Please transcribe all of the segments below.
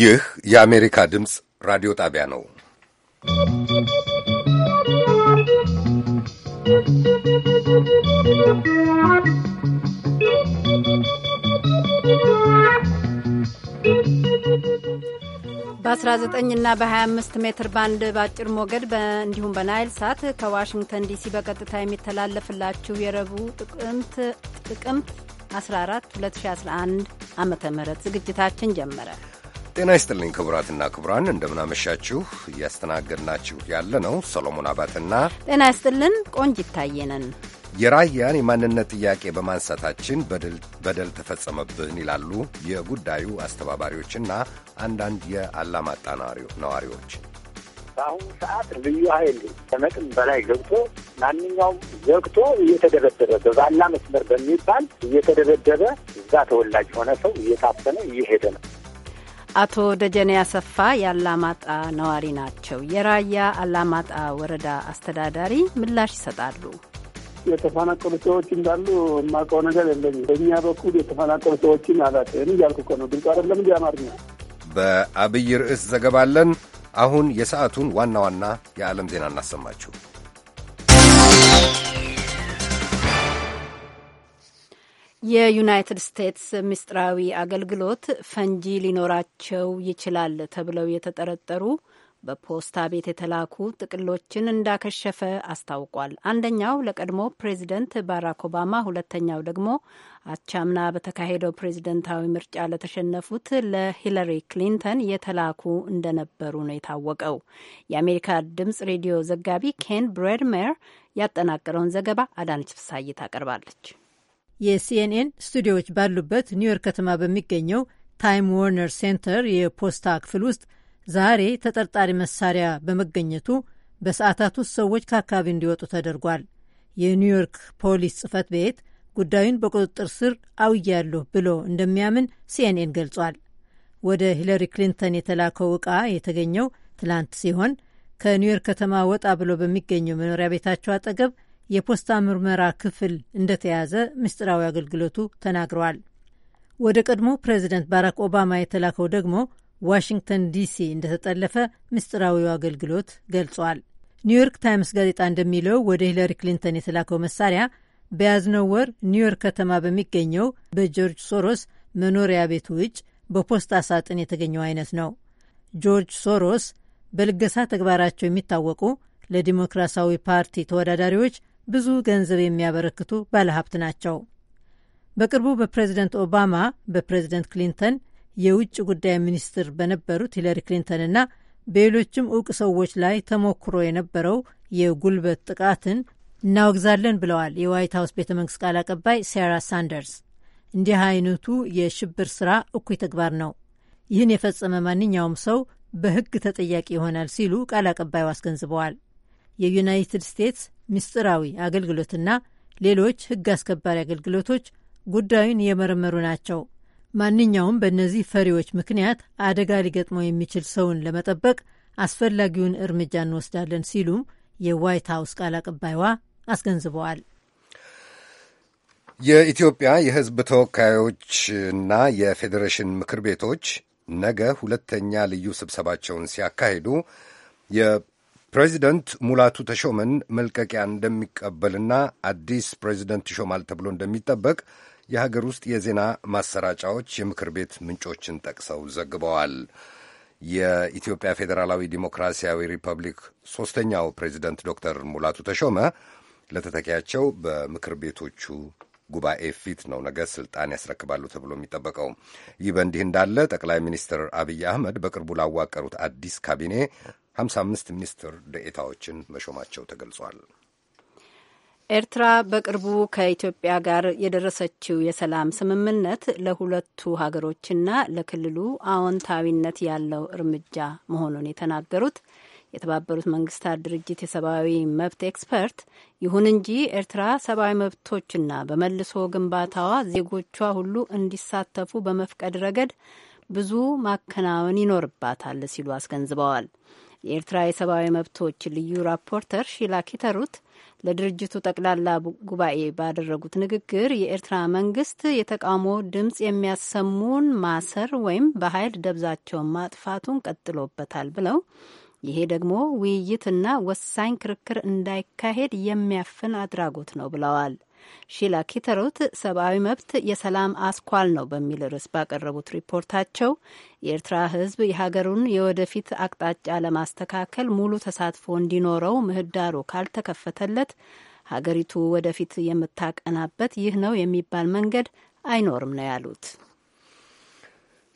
ይህ የአሜሪካ ድምፅ ራዲዮ ጣቢያ ነው። በ19 እና በ25 ሜትር ባንድ በአጭር ሞገድ እንዲሁም በናይል ሳት ከዋሽንግተን ዲሲ በቀጥታ የሚተላለፍላችሁ የረቡዕ ጥቅምት ጥቅምት 14 2011 ዓ ም ዝግጅታችን ጀመረ። ጤና ይስጥልኝ ክቡራትና ክቡራን፣ እንደምናመሻችሁ። እያስተናገድናችሁ ያለ ነው ሰሎሞን አባትና ጤና ይስጥልን ቆንጅ ይታየነን። የራያን የማንነት ጥያቄ በማንሳታችን በደል ተፈጸመብን ይላሉ የጉዳዩ አስተባባሪዎችና አንዳንድ የአላማጣ ነዋሪዎች። በአሁኑ ሰዓት ልዩ ኃይል ከመጠን በላይ ገብቶ ማንኛውም ዘግቶ እየተደበደበ በባላ መስመር በሚባል እየተደበደበ እዛ ተወላጅ የሆነ ሰው እየታፈነ እየሄደ ነው። አቶ ደጀኔ አሰፋ የአላማጣ ነዋሪ ናቸው። የራያ አላማጣ ወረዳ አስተዳዳሪ ምላሽ ይሰጣሉ። የተፈናቀሉ ሰዎች እንዳሉ የማውቀው ነገር የለኝም። በእኛ በኩል የተፈናቀሉ ሰዎችን አላውቅም እያልኩ እኮ ነው። ድምፅ አይደለም እንዲ አማርኛ። በአብይ ርዕስ ዘገባለን። አሁን የሰዓቱን ዋና ዋና የዓለም ዜና እናሰማችሁ። የዩናይትድ ስቴትስ ምስጢራዊ አገልግሎት ፈንጂ ሊኖራቸው ይችላል ተብለው የተጠረጠሩ በፖስታ ቤት የተላኩ ጥቅሎችን እንዳከሸፈ አስታውቋል። አንደኛው ለቀድሞ ፕሬዚደንት ባራክ ኦባማ፣ ሁለተኛው ደግሞ አቻምና በተካሄደው ፕሬዚደንታዊ ምርጫ ለተሸነፉት ለሂለሪ ክሊንተን የተላኩ እንደነበሩ ነው የታወቀው። የአሜሪካ ድምጽ ሬዲዮ ዘጋቢ ኬን ብሬድሜር ያጠናቀረውን ዘገባ አዳነች ፍሳይ ታቀርባለች። የሲኤንኤን ስቱዲዮዎች ባሉበት ኒውዮርክ ከተማ በሚገኘው ታይም ዎርነር ሴንተር የፖስታ ክፍል ውስጥ ዛሬ ተጠርጣሪ መሳሪያ በመገኘቱ በሰዓታት ውስጥ ሰዎች ከአካባቢ እንዲወጡ ተደርጓል። የኒውዮርክ ፖሊስ ጽህፈት ቤት ጉዳዩን በቁጥጥር ስር አውያለሁ ብሎ እንደሚያምን ሲኤንኤን ገልጿል። ወደ ሂለሪ ክሊንተን የተላከው ዕቃ የተገኘው ትላንት ሲሆን ከኒውዮርክ ከተማ ወጣ ብሎ በሚገኘው መኖሪያ ቤታቸው አጠገብ የፖስታ ምርመራ ክፍል እንደተያዘ ምስጢራዊ አገልግሎቱ ተናግረዋል። ወደ ቀድሞ ፕሬዚደንት ባራክ ኦባማ የተላከው ደግሞ ዋሽንግተን ዲሲ እንደተጠለፈ ምስጢራዊው አገልግሎት ገልጿል። ኒውዮርክ ታይምስ ጋዜጣ እንደሚለው ወደ ሂለሪ ክሊንተን የተላከው መሳሪያ በያዝነው ወር ኒውዮርክ ከተማ በሚገኘው በጆርጅ ሶሮስ መኖሪያ ቤት ውጭ በፖስታ ሳጥን የተገኘው አይነት ነው። ጆርጅ ሶሮስ በልገሳ ተግባራቸው የሚታወቁ ለዲሞክራሲያዊ ፓርቲ ተወዳዳሪዎች ብዙ ገንዘብ የሚያበረክቱ ባለሀብት ናቸው። በቅርቡ በፕሬዝደንት ኦባማ፣ በፕሬዝደንት ክሊንተን፣ የውጭ ጉዳይ ሚኒስትር በነበሩት ሂለሪ ክሊንተንና በሌሎችም እውቅ ሰዎች ላይ ተሞክሮ የነበረው የጉልበት ጥቃትን እናወግዛለን ብለዋል የዋይት ሀውስ ቤተ መንግስት ቃል አቀባይ ሴራ ሳንደርስ። እንዲህ አይነቱ የሽብር ስራ እኩይ ተግባር ነው። ይህን የፈጸመ ማንኛውም ሰው በሕግ ተጠያቂ ይሆናል ሲሉ ቃል አቀባዩ አስገንዝበዋል። የዩናይትድ ስቴትስ ምስጢራዊ አገልግሎትና ሌሎች ሕግ አስከባሪ አገልግሎቶች ጉዳዩን እየመረመሩ ናቸው። ማንኛውም በእነዚህ ፈሪዎች ምክንያት አደጋ ሊገጥመው የሚችል ሰውን ለመጠበቅ አስፈላጊውን እርምጃ እንወስዳለን ሲሉም የዋይት ሀውስ ቃል አቀባይዋ አስገንዝበዋል። የኢትዮጵያ የሕዝብ ተወካዮችና የፌዴሬሽን ምክር ቤቶች ነገ ሁለተኛ ልዩ ስብሰባቸውን ሲያካሂዱ ፕሬዚደንት ሙላቱ ተሾመን መልቀቂያ እንደሚቀበልና አዲስ ፕሬዚደንት ይሾማል ተብሎ እንደሚጠበቅ የሀገር ውስጥ የዜና ማሰራጫዎች የምክር ቤት ምንጮችን ጠቅሰው ዘግበዋል። የኢትዮጵያ ፌዴራላዊ ዲሞክራሲያዊ ሪፐብሊክ ሦስተኛው ፕሬዚደንት ዶክተር ሙላቱ ተሾመ ለተተኪያቸው በምክር ቤቶቹ ጉባኤ ፊት ነው ነገ ስልጣን ያስረክባሉ ተብሎ የሚጠበቀው። ይህ በእንዲህ እንዳለ ጠቅላይ ሚኒስትር አብይ አህመድ በቅርቡ ላዋቀሩት አዲስ ካቢኔ 55 ሚኒስትር ደኤታዎችን መሾማቸው ተገልጿል። ኤርትራ በቅርቡ ከኢትዮጵያ ጋር የደረሰችው የሰላም ስምምነት ለሁለቱ ሀገሮችና ለክልሉ አዎንታዊነት ያለው እርምጃ መሆኑን የተናገሩት የተባበሩት መንግስታት ድርጅት የሰብአዊ መብት ኤክስፐርት፣ ይሁን እንጂ ኤርትራ ሰብአዊ መብቶችና በመልሶ ግንባታዋ ዜጎቿ ሁሉ እንዲሳተፉ በመፍቀድ ረገድ ብዙ ማከናወን ይኖርባታል ሲሉ አስገንዝበዋል። የኤርትራ የሰብአዊ መብቶች ልዩ ራፖርተር ሺላ ኪተሩት ለድርጅቱ ጠቅላላ ጉባኤ ባደረጉት ንግግር የኤርትራ መንግስት የተቃውሞ ድምፅ የሚያሰሙን ማሰር ወይም በኃይል ደብዛቸውን ማጥፋቱን ቀጥሎበታል ብለው ይሄ ደግሞ ውይይትና ወሳኝ ክርክር እንዳይካሄድ የሚያፍን አድራጎት ነው ብለዋል። ሺላ ኪተሮት ሰብአዊ መብት የሰላም አስኳል ነው በሚል ርዕስ ባቀረቡት ሪፖርታቸው የኤርትራ ሕዝብ የሀገሩን የወደፊት አቅጣጫ ለማስተካከል ሙሉ ተሳትፎ እንዲኖረው ምህዳሩ ካልተከፈተለት ሀገሪቱ ወደፊት የምታቀናበት ይህ ነው የሚባል መንገድ አይኖርም ነው ያሉት።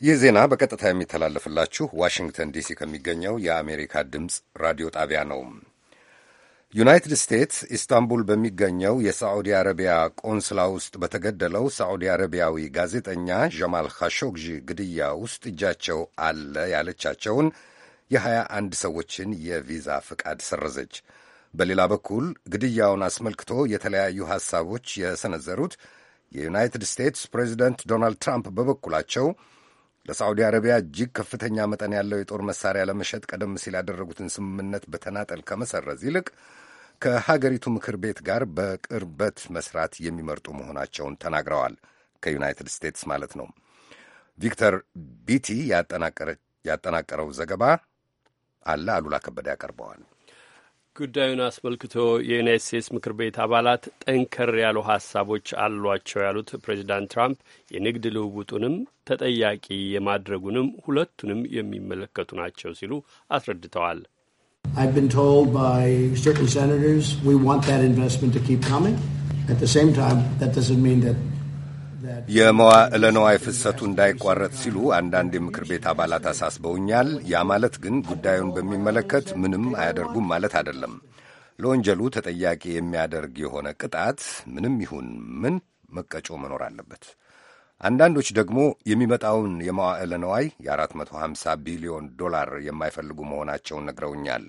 ይህ ዜና በቀጥታ የሚተላለፍላችሁ ዋሽንግተን ዲሲ ከሚገኘው የአሜሪካ ድምፅ ራዲዮ ጣቢያ ነው። ዩናይትድ ስቴትስ ኢስታንቡል በሚገኘው የሳዑዲ አረቢያ ቆንስላ ውስጥ በተገደለው ሳዑዲ አረቢያዊ ጋዜጠኛ ጀማል ካሾግዢ ግድያ ውስጥ እጃቸው አለ ያለቻቸውን የሀያ አንድ ሰዎችን የቪዛ ፍቃድ ሰረዘች። በሌላ በኩል ግድያውን አስመልክቶ የተለያዩ ሐሳቦች የሰነዘሩት የዩናይትድ ስቴትስ ፕሬዚደንት ዶናልድ ትራምፕ በበኩላቸው ለሳዑዲ አረቢያ እጅግ ከፍተኛ መጠን ያለው የጦር መሳሪያ ለመሸጥ ቀደም ሲል ያደረጉትን ስምምነት በተናጠል ከመሰረዝ ይልቅ ከሀገሪቱ ምክር ቤት ጋር በቅርበት መስራት የሚመርጡ መሆናቸውን ተናግረዋል። ከዩናይትድ ስቴትስ ማለት ነው። ቪክተር ቢቲ ያጠናቀረው ዘገባ አለ። አሉላ ከበደ ያቀርበዋል። ጉዳዩን አስመልክቶ የዩናይት ስቴትስ ምክር ቤት አባላት ጠንከር ያሉ ሀሳቦች አሏቸው ያሉት ፕሬዚዳንት ትራምፕ የንግድ ልውውጡንም ተጠያቂ የማድረጉንም ሁለቱንም የሚመለከቱ ናቸው ሲሉ አስረድተዋል። ሴናተርስ የመዋዕለ ነዋይ ፍሰቱ እንዳይቋረጥ ሲሉ አንዳንድ የምክር ቤት አባላት አሳስበውኛል። ያ ማለት ግን ጉዳዩን በሚመለከት ምንም አያደርጉም ማለት አይደለም። ለወንጀሉ ተጠያቂ የሚያደርግ የሆነ ቅጣት ምንም ይሁን ምን መቀጮ መኖር አለበት። አንዳንዶች ደግሞ የሚመጣውን የመዋዕለ ነዋይ የ450 ቢሊዮን ዶላር የማይፈልጉ መሆናቸውን ነግረውኛል።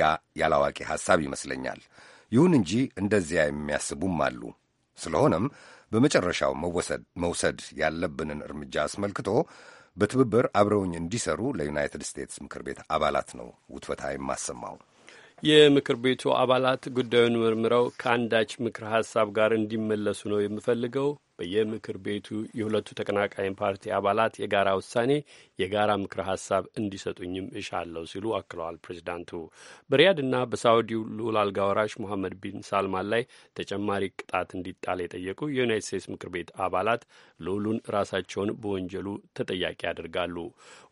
ያ ያላዋቂ ሐሳብ ይመስለኛል። ይሁን እንጂ እንደዚያ የሚያስቡም አሉ። ስለሆነም በመጨረሻው መውሰድ ያለብንን እርምጃ አስመልክቶ በትብብር አብረውኝ እንዲሰሩ ለዩናይትድ ስቴትስ ምክር ቤት አባላት ነው ውትወታ የማሰማው። የምክር ቤቱ አባላት ጉዳዩን መርምረው ከአንዳች ምክር ሀሳብ ጋር እንዲመለሱ ነው የምፈልገው በየምክር ቤቱ የሁለቱ ተቀናቃኝ ፓርቲ አባላት የጋራ ውሳኔ፣ የጋራ ምክረ ሀሳብ እንዲሰጡኝም እሻለሁ ሲሉ አክለዋል። ፕሬዚዳንቱ በሪያድና በሳውዲው ልዑል አልጋ ወራሽ ሙሐመድ ቢን ሳልማን ላይ ተጨማሪ ቅጣት እንዲጣል የጠየቁ የዩናይት ስቴትስ ምክር ቤት አባላት ልዑሉን ራሳቸውን በወንጀሉ ተጠያቂ ያደርጋሉ።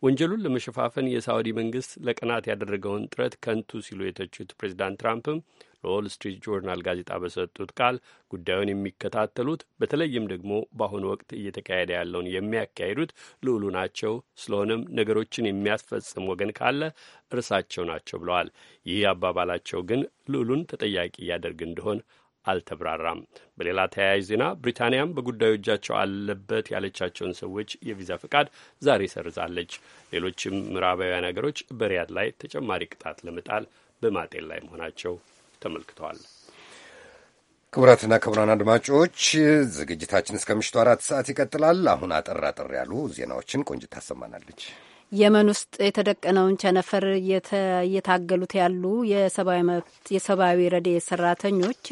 ወንጀሉን ለመሸፋፈን የሳውዲ መንግስት ለቀናት ያደረገውን ጥረት ከንቱ ሲሉ የተቹት ፕሬዚዳንት ትራምፕም ለዎል ስትሪት ጆርናል ጋዜጣ በሰጡት ቃል ጉዳዩን የሚከታተሉት በተለይም ደግሞ በአሁኑ ወቅት እየተካሄደ ያለውን የሚያካሂዱት ልዑሉ ናቸው። ስለሆነም ነገሮችን የሚያስፈጽም ወገን ካለ እርሳቸው ናቸው ብለዋል። ይህ አባባላቸው ግን ልዑሉን ተጠያቂ እያደርግ እንደሆን አልተብራራም። በሌላ ተያያዥ ዜና ብሪታንያም በጉዳዩ እጃቸው አለበት ያለቻቸውን ሰዎች የቪዛ ፈቃድ ዛሬ ሰርዛለች። ሌሎችም ምዕራባውያን ሀገሮች በሪያድ ላይ ተጨማሪ ቅጣት ለመጣል በማጤን ላይ መሆናቸው ተመልክተዋል። ክቡራትና ክቡራን አድማጮች ዝግጅታችን እስከ ምሽቱ አራት ሰዓት ይቀጥላል። አሁን አጠር አጠር ያሉ ዜናዎችን ቆንጅት ታሰማናለች። የመን ውስጥ የተደቀነውን ቸነፈር እየታገሉት ያሉ የሰብአዊ መብት የሰብአዊ ረድኤት ሰራተኞች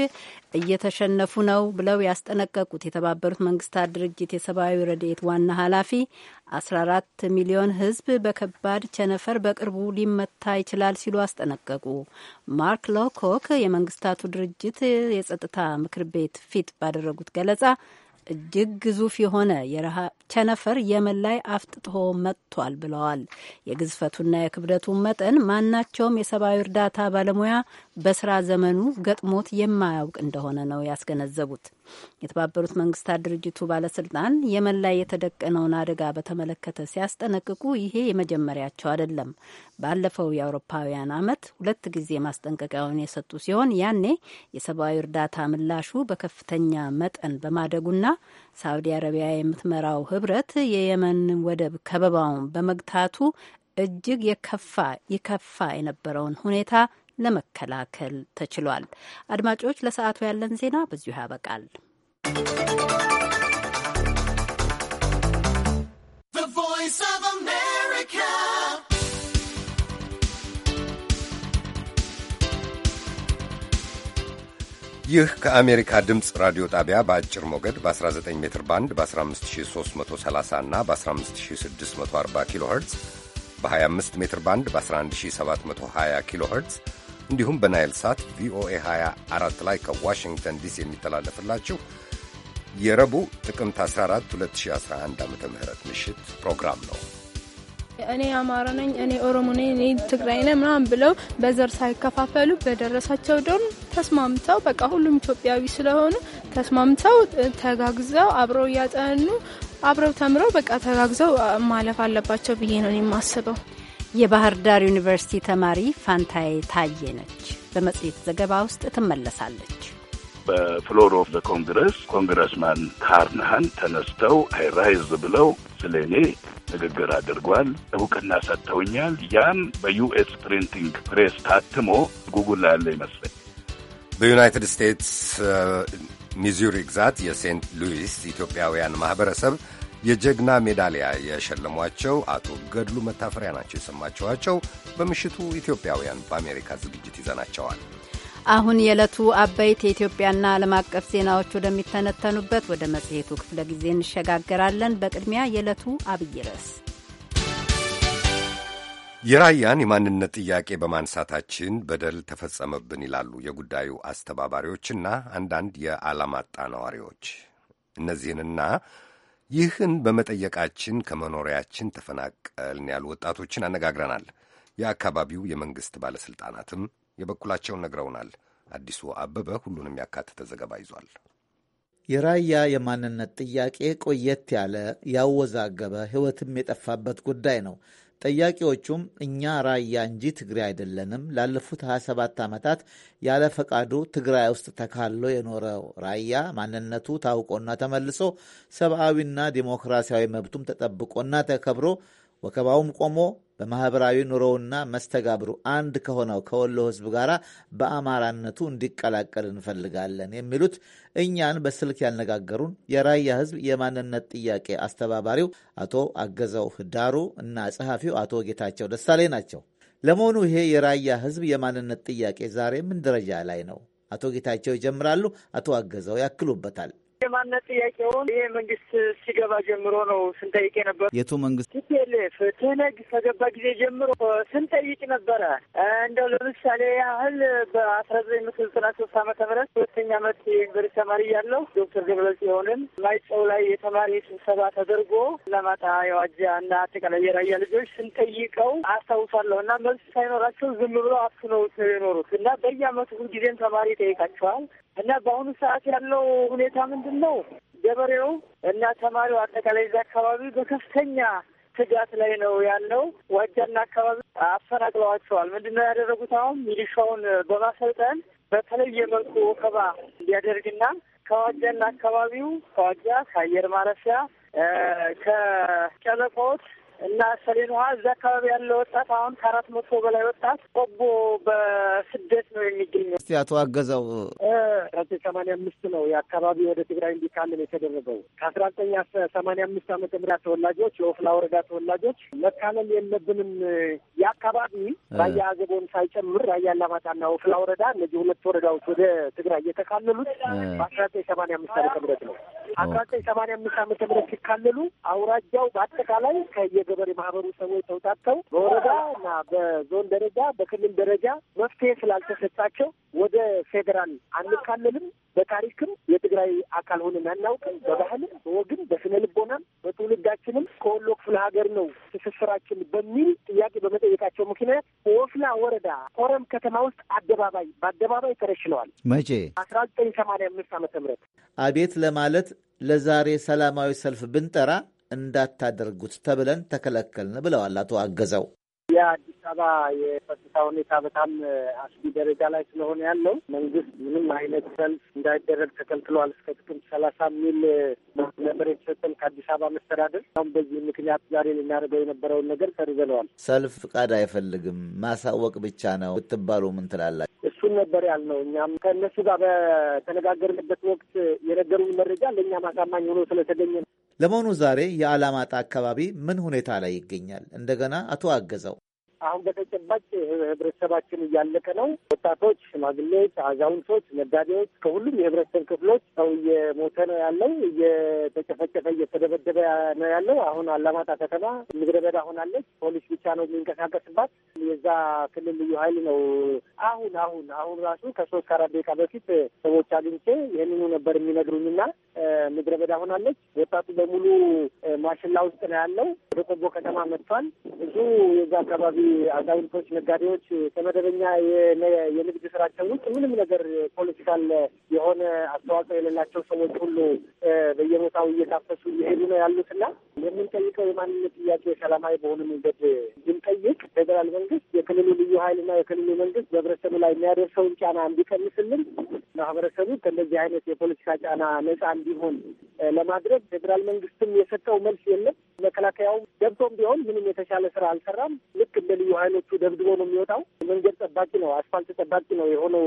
እየተሸነፉ ነው ብለው ያስጠነቀቁት የተባበሩት መንግስታት ድርጅት የሰብአዊ ረድኤት ዋና ኃላፊ አስራ አራት ሚሊዮን ህዝብ በከባድ ቸነፈር በቅርቡ ሊመታ ይችላል ሲሉ አስጠነቀቁ። ማርክ ሎኮክ የመንግስታቱ ድርጅት የጸጥታ ምክር ቤት ፊት ባደረጉት ገለጻ እጅግ ግዙፍ የሆነ ቸነፈር የመን ላይ አፍጥጦ መጥቷል ብለዋል። የግዝፈቱና የክብደቱን መጠን ማናቸውም የሰብአዊ እርዳታ ባለሙያ በስራ ዘመኑ ገጥሞት የማያውቅ እንደሆነ ነው ያስገነዘቡት። የተባበሩት መንግስታት ድርጅቱ ባለስልጣን የመን ላይ የተደቀነውን አደጋ በተመለከተ ሲያስጠነቅቁ ይሄ የመጀመሪያቸው አይደለም። ባለፈው የአውሮፓውያን አመት ሁለት ጊዜ ማስጠንቀቂያውን የሰጡ ሲሆን ያኔ የሰብአዊ እርዳታ ምላሹ በከፍተኛ መጠን በማደጉና ሳዑዲ አረቢያ የምትመራው ህብረት የየመን ወደብ ከበባውን በመግታቱ እጅግ የከፋ ይከፋ የነበረውን ሁኔታ ለመከላከል ተችሏል። አድማጮች፣ ለሰዓቱ ያለን ዜና በዚሁ ያበቃል። ይህ ከአሜሪካ ድምፅ ራዲዮ ጣቢያ በአጭር ሞገድ በ19 ሜትር ባንድ በ15330 እና በ15640 ኪሎ ኸርትዝ በ25 ሜትር ባንድ በ11720 ኪሎ ኸርትዝ እንዲሁም በናይል ሳት ቪኦኤ 24 ላይ ከዋሽንግተን ዲሲ የሚተላለፍላችሁ የረቡዕ ጥቅምት 14 2011 ዓ ም ምሽት ፕሮግራም ነው። እኔ አማራ ነኝ፣ እኔ ኦሮሞ ነኝ፣ እኔ ትግራይ ነኝ ምናምን ብለው በዘር ሳይከፋፈሉ በደረሳቸው ደን ተስማምተው በቃ ሁሉም ኢትዮጵያዊ ስለሆኑ ተስማምተው ተጋግዘው አብረው እያጠኑ አብረው ተምረው በቃ ተጋግዘው ማለፍ አለባቸው ብዬ ነው የማስበው። የባህር ዳር ዩኒቨርሲቲ ተማሪ ፋንታዬ ታዬ ነች። በመጽሔት ዘገባ ውስጥ ትመለሳለች። በፍሎር ኦፍ ዘ ኮንግረስ ኮንግረስማን ካርናሃን ተነስተው አይራይዝ ብለው ስለ እኔ ንግግር አድርጓል። እውቅና ሰጥተውኛል። ያም በዩኤስ ፕሪንቲንግ ፕሬስ ታትሞ ጉጉል ላይ ያለ ይመስለኝ በዩናይትድ ስቴትስ uh, ሚዙሪ ግዛት የሴንት ሉዊስ ኢትዮጵያውያን ማኅበረሰብ የጀግና ሜዳሊያ የሸለሟቸው አቶ ገድሉ መታፈሪያ ናቸው የሰማችኋቸው። በምሽቱ ኢትዮጵያውያን በአሜሪካ ዝግጅት ይዘናቸዋል። አሁን የዕለቱ አበይት የኢትዮጵያና ዓለም አቀፍ ዜናዎች ወደሚተነተኑበት ወደ መጽሔቱ ክፍለ ጊዜ እንሸጋገራለን። በቅድሚያ የዕለቱ አብይ ርዕስ የራያን የማንነት ጥያቄ በማንሳታችን በደል ተፈጸመብን ይላሉ የጉዳዩ አስተባባሪዎችና አንዳንድ የአላማጣ ነዋሪዎች። እነዚህንና ይህን በመጠየቃችን ከመኖሪያችን ተፈናቀልን ያሉ ወጣቶችን አነጋግረናል። የአካባቢው የመንግሥት ባለሥልጣናትም የበኩላቸውን ነግረውናል። አዲሱ አበበ ሁሉንም ያካተተ ዘገባ ይዟል። የራያ የማንነት ጥያቄ ቆየት ያለ ያወዛገበ ሕይወትም የጠፋበት ጉዳይ ነው። ጠያቂዎቹም እኛ ራያ እንጂ ትግራይ አይደለንም፣ ላለፉት 27 ዓመታት ያለ ፈቃዱ ትግራይ ውስጥ ተካሎ የኖረው ራያ ማንነቱ ታውቆና ተመልሶ ሰብአዊና ዲሞክራሲያዊ መብቱም ተጠብቆና ተከብሮ ወከባውም ቆሞ በማኅበራዊ ኑሮውና መስተጋብሩ አንድ ከሆነው ከወሎ ሕዝብ ጋር በአማራነቱ እንዲቀላቀል እንፈልጋለን የሚሉት እኛን በስልክ ያነጋገሩን የራያ ሕዝብ የማንነት ጥያቄ አስተባባሪው አቶ አገዘው ዳሩ እና ጸሐፊው አቶ ጌታቸው ደሳሌ ናቸው። ለመሆኑ ይሄ የራያ ሕዝብ የማንነት ጥያቄ ዛሬ ምን ደረጃ ላይ ነው? አቶ ጌታቸው ይጀምራሉ፣ አቶ አገዘው ያክሉበታል። የማንነት ጥያቄውን ይሄ መንግስት ሲገባ ጀምሮ ነው ስንጠይቅ ነበር። የቱ መንግስት? ቲፒኤልኤፍ ትህነግ ከገባ ጊዜ ጀምሮ ስንጠይቅ ነበረ። እንደው ለምሳሌ ያህል በአስራ ዘጠኝ መቶ ዘጠና ሶስት አመተ ምህረት ሁለተኛ ዓመት የዩኒቨርሲቲ ተማሪ ያለው ዶክተር ደብረጽዮንን ማይጨው ላይ የተማሪ ስብሰባ ተደርጎ ለማጣ የዋጃ እና አጠቃላይ የራያ ልጆች ስንጠይቀው አስታውሳለሁ እና መልስ ሳይኖራቸው ዝም ብሎ አፍነውት የኖሩት እና በየአመቱ ሁልጊዜም ተማሪ ይጠይቃቸዋል እና በአሁኑ ሰዓት ያለው ሁኔታ ምንድን ነው? ገበሬው እና ተማሪው አጠቃላይ ዚ አካባቢ በከፍተኛ ስጋት ላይ ነው ያለው። ዋጃና አካባቢ አፈናቅለዋቸዋል። ምንድን ነው ያደረጉት? አሁን ሚሊሻውን በማሰልጠን በተለየ መልኩ ወከባ እንዲያደርግና ከዋጃና አካባቢው ከዋጃ ከአየር ማረፊያ ከጨለቆት እና ሰሌን ውሃ እዚ አካባቢ ያለ ወጣት አሁን ከአራት መቶ በላይ ወጣት ቆቦ በስደት ነው የሚገኘው። እስቲ አቶ አገዘው አገዛው ሰማንያ አምስት ነው የአካባቢ ወደ ትግራይ እንዲካለል የተደረገው ከአስራ ዘጠኝ ሰማንያ አምስት አመተ ምህረት ተወላጆች የወፍላ ወረዳ ተወላጆች መካለል የለብንም የአካባቢ ራያ አዘቦን ሳይጨምር ራያ አላማጣና ወፍላ ወረዳ እነዚህ ሁለት ወረዳዎች ወደ ትግራይ እየተካለሉት በአስራ ዘጠኝ ሰማንያ አምስት አመተ ምህረት ነው። አስራ ዘጠኝ ሰማንያ አምስት አመተ ምህረት ሲካለሉ አውራጃው በአጠቃላይ ከየ የገበሬ ማህበሩ ሰዎች ተውጣጥተው በወረዳ እና በዞን ደረጃ በክልል ደረጃ መፍትሄ ስላልተሰጣቸው ወደ ፌዴራል አንካለልም። በታሪክም የትግራይ አካል ሆነን አናውቅም። በባህልም፣ በወግም፣ በስነ ልቦናም በትውልዳችንም ከወሎ ክፍለ ሀገር ነው ትስስራችን በሚል ጥያቄ በመጠየቃቸው ምክንያት ወፍላ ወረዳ ኮረም ከተማ ውስጥ አደባባይ በአደባባይ ተረሽነዋል። መቼ አስራ ዘጠኝ ሰማንያ አምስት ዓመተ ምህረት አቤት ለማለት ለዛሬ ሰላማዊ ሰልፍ ብንጠራ እንዳታደርጉት ተብለን ተከለከልን ብለዋል አቶ አገዘው። የአዲስ አበባ የጸጥታ ሁኔታ በጣም አስጊ ደረጃ ላይ ስለሆነ ያለው መንግስት ምንም አይነት ሰልፍ እንዳይደረግ ተከልክሏል። እስከ ጥቅምት ሰላሳ የሚል ነበር የተሰጠን ከአዲስ አበባ መስተዳደር። አሁን በዚህ ምክንያት ዛሬ ልናደርገው የነበረውን ነገር ሰርዘነዋል። ሰልፍ ፍቃድ አይፈልግም ማሳወቅ ብቻ ነው ብትባሉ ምን ትላላችሁ? እሱን ነበር ያልነው። እኛም ከእነሱ ጋር በተነጋገርንበት ወቅት የነገሩን መረጃ ለእኛ ማሳማኝ ሆኖ ስለተገኘ ነው። ለመሆኑ ዛሬ የአላማጣ አካባቢ ምን ሁኔታ ላይ ይገኛል? እንደገና አቶ አገዘው አሁን በተጨባጭ ህብረተሰባችን እያለቀ ነው። ወጣቶች፣ ሽማግሌዎች፣ አዛውንቶች፣ ነጋዴዎች ከሁሉም የህብረተሰብ ክፍሎች ሰው እየሞተ ነው ያለው፣ እየተጨፈጨፈ እየተደበደበ ነው ያለው። አሁን አላማጣ ከተማ ምድረ በዳ ሆናለች። ፖሊስ ብቻ ነው የሚንቀሳቀስባት። የዛ ክልል ልዩ ኃይል ነው። አሁን አሁን አሁን ራሱ ከሶስት ከአራት ደቂቃ በፊት ሰዎች አግኝቼ ይህንኑ ነበር የሚነግሩኝና ምድረ በዳ ሆናለች። ወጣቱ በሙሉ ማሽላ ውስጥ ነው ያለው። ወደ ቆቦ ከተማ መጥቷል። ብዙ የዛ አካባቢ አዛውንቶች፣ ነጋዴዎች ከመደበኛ የንግድ ስራቸው ውጭ ምንም ነገር ፖለቲካል የሆነ አስተዋጽኦ የሌላቸው ሰዎች ሁሉ በየቦታው እየታፈሱ እየሄዱ ነው ያሉት የምንጠይቀው የማንነት ጥያቄ ሰላማዊ በሆነ መንገድ ብንጠይቅ ፌዴራል መንግስት፣ የክልሉ ልዩ ኃይልና የክልሉ መንግስት በህብረተሰቡ ላይ የሚያደርሰውን ጫና እንዲቀንስልን፣ ማህበረሰቡ ከእንደዚህ አይነት የፖለቲካ ጫና ነጻ እንዲሆን ለማድረግ ፌዴራል መንግስትም የሰጠው መልስ የለም። መከላከያውም ገብቶም ቢሆን ምንም የተሻለ ስራ አልሰራም። ልክ እንደ ልዩ ኃይሎቹ ደብድቦ ነው የሚወጣው። መንገድ ጠባቂ ነው፣ አስፋልት ጠባቂ ነው የሆነው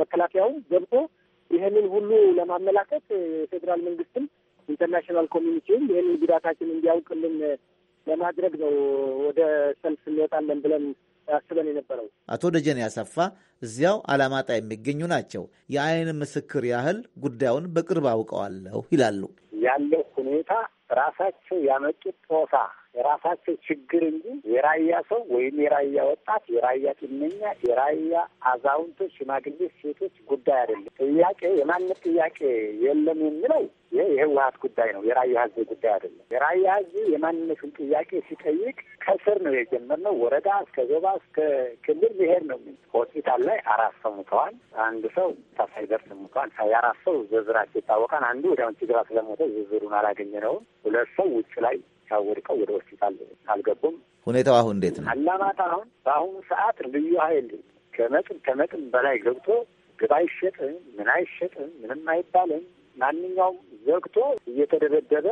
መከላከያውም ገብቶ ይህንን ሁሉ ለማመላከት የፌዴራል መንግስትም ኢንተርናሽናል ኮሚኒቲውም ይህንን ጉዳታችን እንዲያውቅልን ለማድረግ ነው ወደ ሰልፍ እንወጣለን ብለን አስበን የነበረው። አቶ ደጀን ያሰፋ እዚያው አላማጣ የሚገኙ ናቸው። የአይን ምስክር ያህል ጉዳዩን በቅርብ አውቀዋለሁ ይላሉ። ያለው ሁኔታ ራሳቸው ያመጡት ጦሳ የራሳቸው ችግር እንጂ የራያ ሰው ወይም የራያ ወጣት፣ የራያ ጤነኛ፣ የራያ አዛውንቶች፣ ሽማግሌዎች፣ ሴቶች ጉዳይ አይደለም። ጥያቄ የማንነት ጥያቄ የለም የሚለው ይህ የህወሀት ጉዳይ ነው። የራያ ህዝብ ጉዳይ አይደለም። የራያ ህዝብ የማንነቱን ጥያቄ ሲጠይቅ ከስር ነው የጀመርነው። ወረዳ እስከ ዞባ እስከ ክልል ብሄር ነው። ሆስፒታል ላይ አራት ሰው ሙተዋል። አንድ ሰው ሳይደርስ ሙተዋል። የአራት ሰው ዝርዝራቸው ይታወቃል። አንዱ ወዲያውን ትግራ ስለሞተ ዝርዝሩን አላ ያገኘነውን ሁለት ሰው ውጭ ላይ ሳወድቀው ወደ ሆስፒታል አልገቡም። ሁኔታው አሁን እንዴት ነው? አላማት አሁን በአሁኑ ሰዓት ልዩ ኃይል ከመጥን ከመጥን በላይ ገብቶ ግብ አይሸጥም፣ ምን አይሸጥም፣ ምንም አይባልም። ማንኛውም ዘግቶ እየተደበደበ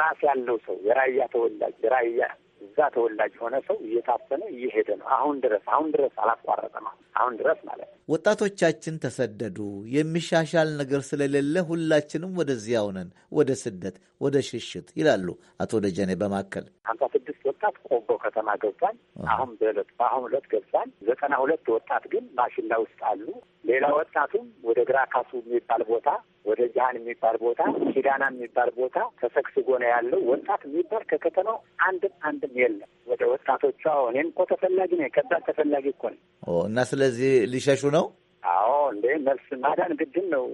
ራስ ያለው ሰው የራያ ተወላጅ የራያ እዛ ተወላጅ የሆነ ሰው እየታፈነ እየሄደ ነው። አሁን ድረስ አሁን ድረስ አላቋረጠም። ነው። አሁን ድረስ ማለት ነው። ወጣቶቻችን ተሰደዱ። የሚሻሻል ነገር ስለሌለ ሁላችንም ወደዚያው ነን፣ ወደ ስደት፣ ወደ ሽሽት ይላሉ አቶ ደጀኔ በማከል ሀምሳ ስድስት ወጣት ቆቦ ከተማ ገብቷል። አሁን በዕለት በአሁን እለት ገብቷል። ዘጠና ሁለት ወጣት ግን ማሽላ ውስጥ አሉ። ሌላ ወጣቱም ወደ ግራ ካሱ የሚባል ቦታ፣ ወደ ጃሃን የሚባል ቦታ፣ ኪዳና የሚባል ቦታ ተሰግስጎ ነው ያለው። ወጣት የሚባል ከከተማው አንድም አንድም የለም። ወደ ወጣቶቿ እኔም እኮ ተፈላጊ ነኝ፣ ከዛ ተፈላጊ እኮ ነኝ እና ስለ ስለዚህ ሊሸሹ ነው። አዎ እንዴ መልስ ማዳን ግድን ነው።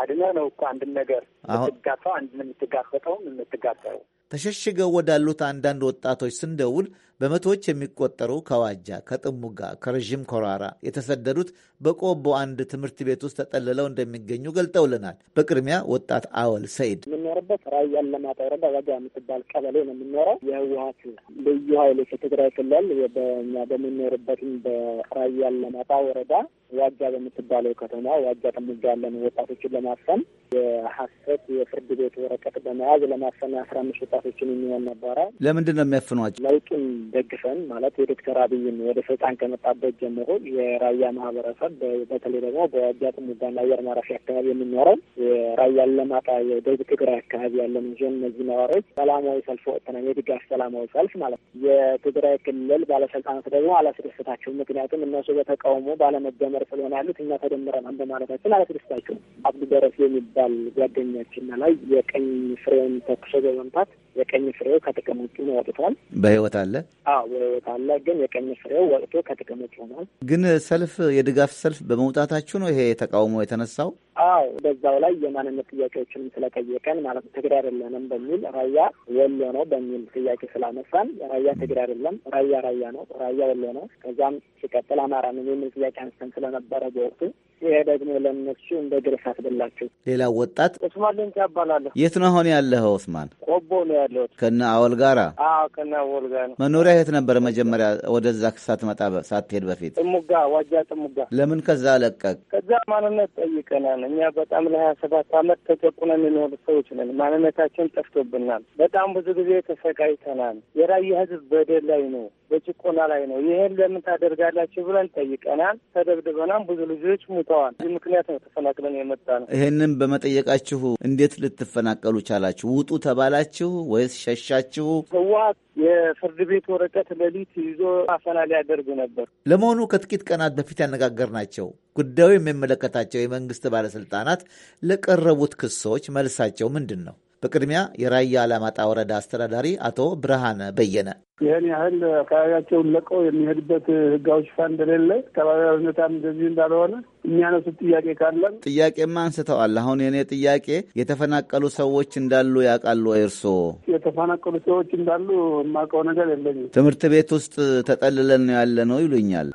አድነ ነው እኮ አንድን ነገር የምትጋፋው አንድን የምትጋፈጠውም የምትጋፈው። ተሸሽገው ወዳሉት አንዳንድ ወጣቶች ስንደውል በመቶዎች የሚቆጠሩ ከዋጃ፣ ከጥሙጋ፣ ከረዥም ኮራራ የተሰደዱት በቆቦ አንድ ትምህርት ቤት ውስጥ ተጠልለው እንደሚገኙ ገልጠውልናል። በቅድሚያ ወጣት አወል ሰይድ የምኖርበት ራያ አላማጣ ወረዳ ዋጋ የምትባል ቀበሌ ነው የምኖረው። የህወሀት ልዩ ኃይሎች የትግራይ ክልል በኛ በምኖርበትም በራያ አላማጣ ወረዳ ዋጃ በምትባለው ከተማ ዋጃ ጥሙጋ ያለን ወጣቶችን ለማፈን የሀሰት የፍርድ ቤት ወረቀት በመያዝ ለማፈን የአስራ አምስት ወጣቶችን የሚሆን ነበረ። ለምንድን ነው የሚያፍኗቸው? ለውጡን ደግፈን ማለት የዶክተር አብይን ወደ ስልጣን ከመጣበት ጀምሮ የራያ ማህበረሰብ በተለይ ደግሞ በጃት ሙባና አየር ማረፊያ አካባቢ የምንኖረው የራያ ለማጣ የደቡብ ትግራይ አካባቢ ያለን እንጂ እነዚህ ነዋሪዎች ሰላማዊ ሰልፍ ወጥተናል። የድጋፍ ሰላማዊ ሰልፍ ማለት ነው። የትግራይ ክልል ባለስልጣናት ደግሞ አላስደስታቸውም። ምክንያቱም እነሱ በተቃውሞ ባለመደመር ስለሆነ ያሉት እኛ ተደምረናል በማለታችን አላስደስታቸውም። አብዱ ደረስ የሚባል ጓደኛችን ላይ የቀኝ ፍሬውን ተኩሶ በመምታት የቀኝ ፍሬው ከጥቅም ውጭ ወጥቷል። በህይወት አለ? አዎ በህይወት አለ፣ ግን የቀኝ ፍሬው ወጥቶ ከጥቅም ውጭ ሆኗል። ግን ሰልፍ የድጋፍ ሰልፍ በመውጣታችሁ ነው ይሄ ተቃውሞ የተነሳው? አዎ በዛው ላይ የማንነት ጥያቄዎችንም ስለጠየቀን ማለት ነው። ትግሬ አይደለንም በሚል ራያ ወሎ ነው በሚል ጥያቄ ስላነሳን ራያ ትግሬ አይደለም፣ ራያ ራያ ነው፣ ራያ ወሎ ነው። ከዛም ሲቀጥል አማራ ነው የሚል ጥያቄ አንስተን ስለነበረ በወቅቱ ይሄ ደግሞ ለነሱ እንደ ግርስ ብላችሁ። ሌላው ወጣት ኦስማን ልንት ያባላለሁ የት ነው አሁን ያለኸው ኦስማን ቆቦ ነው ያለሁት ከነ አወል ጋራ። አዎ ከነ አወል ጋር ነው። መኖሪያ የት ነበረ መጀመሪያ? ወደዛ ሳትመጣ ሳትሄድ በፊት ጥሙጋ፣ ዋጃ ጥሙጋ። ለምን ከዛ ለቀቅ? ከዛ ማንነት ጠይቀናል እኛ በጣም ለሀያ ሰባት አመት ተጨቁነን የሚኖሩ ሰዎች ነን። ማንነታችን ጠፍቶብናል። በጣም ብዙ ጊዜ ተሰቃይተናል። የራያ ህዝብ በደል ላይ ነው፣ በጭቆና ላይ ነው። ይህን ለምን ታደርጋላችሁ ብለን ጠይቀናል። ተደብድበናል። ብዙ ልጆች ሙተዋል። ይህ ምክንያት ነው ተፈናቅለን የመጣ ነው። ይህንን በመጠየቃችሁ እንዴት ልትፈናቀሉ ቻላችሁ? ውጡ ተባላችሁ ወይስ ሸሻችሁ? ህወሀት የፍርድ ቤት ወረቀት ሌሊት ይዞ አፈና ያደርጉ ነበር። ለመሆኑ ከጥቂት ቀናት በፊት ያነጋገርናቸው ጉዳዩ የሚመለከታቸው የመንግስት ባለስልጣናት ለቀረቡት ክሶች መልሳቸው ምንድን ነው? በቅድሚያ የራያ አላማጣ ወረዳ አስተዳዳሪ አቶ ብርሃነ በየነ ይህን ያህል አካባቢያቸውን ለቀው የሚሄድበት ህጋዊ ሽፋን እንደሌለ አካባቢያዊ ሁኔታም እንደዚህ እንዳልሆነ የሚያነሱት ጥያቄ ካለን ጥያቄማ አንስተዋል። አሁን የእኔ ጥያቄ የተፈናቀሉ ሰዎች እንዳሉ ያውቃሉ ወይ እርስዎ? የተፈናቀሉ ሰዎች እንዳሉ የማውቀው ነገር የለኝም። ትምህርት ቤት ውስጥ ተጠልለን ነው ያለ ነው ይሉኛል።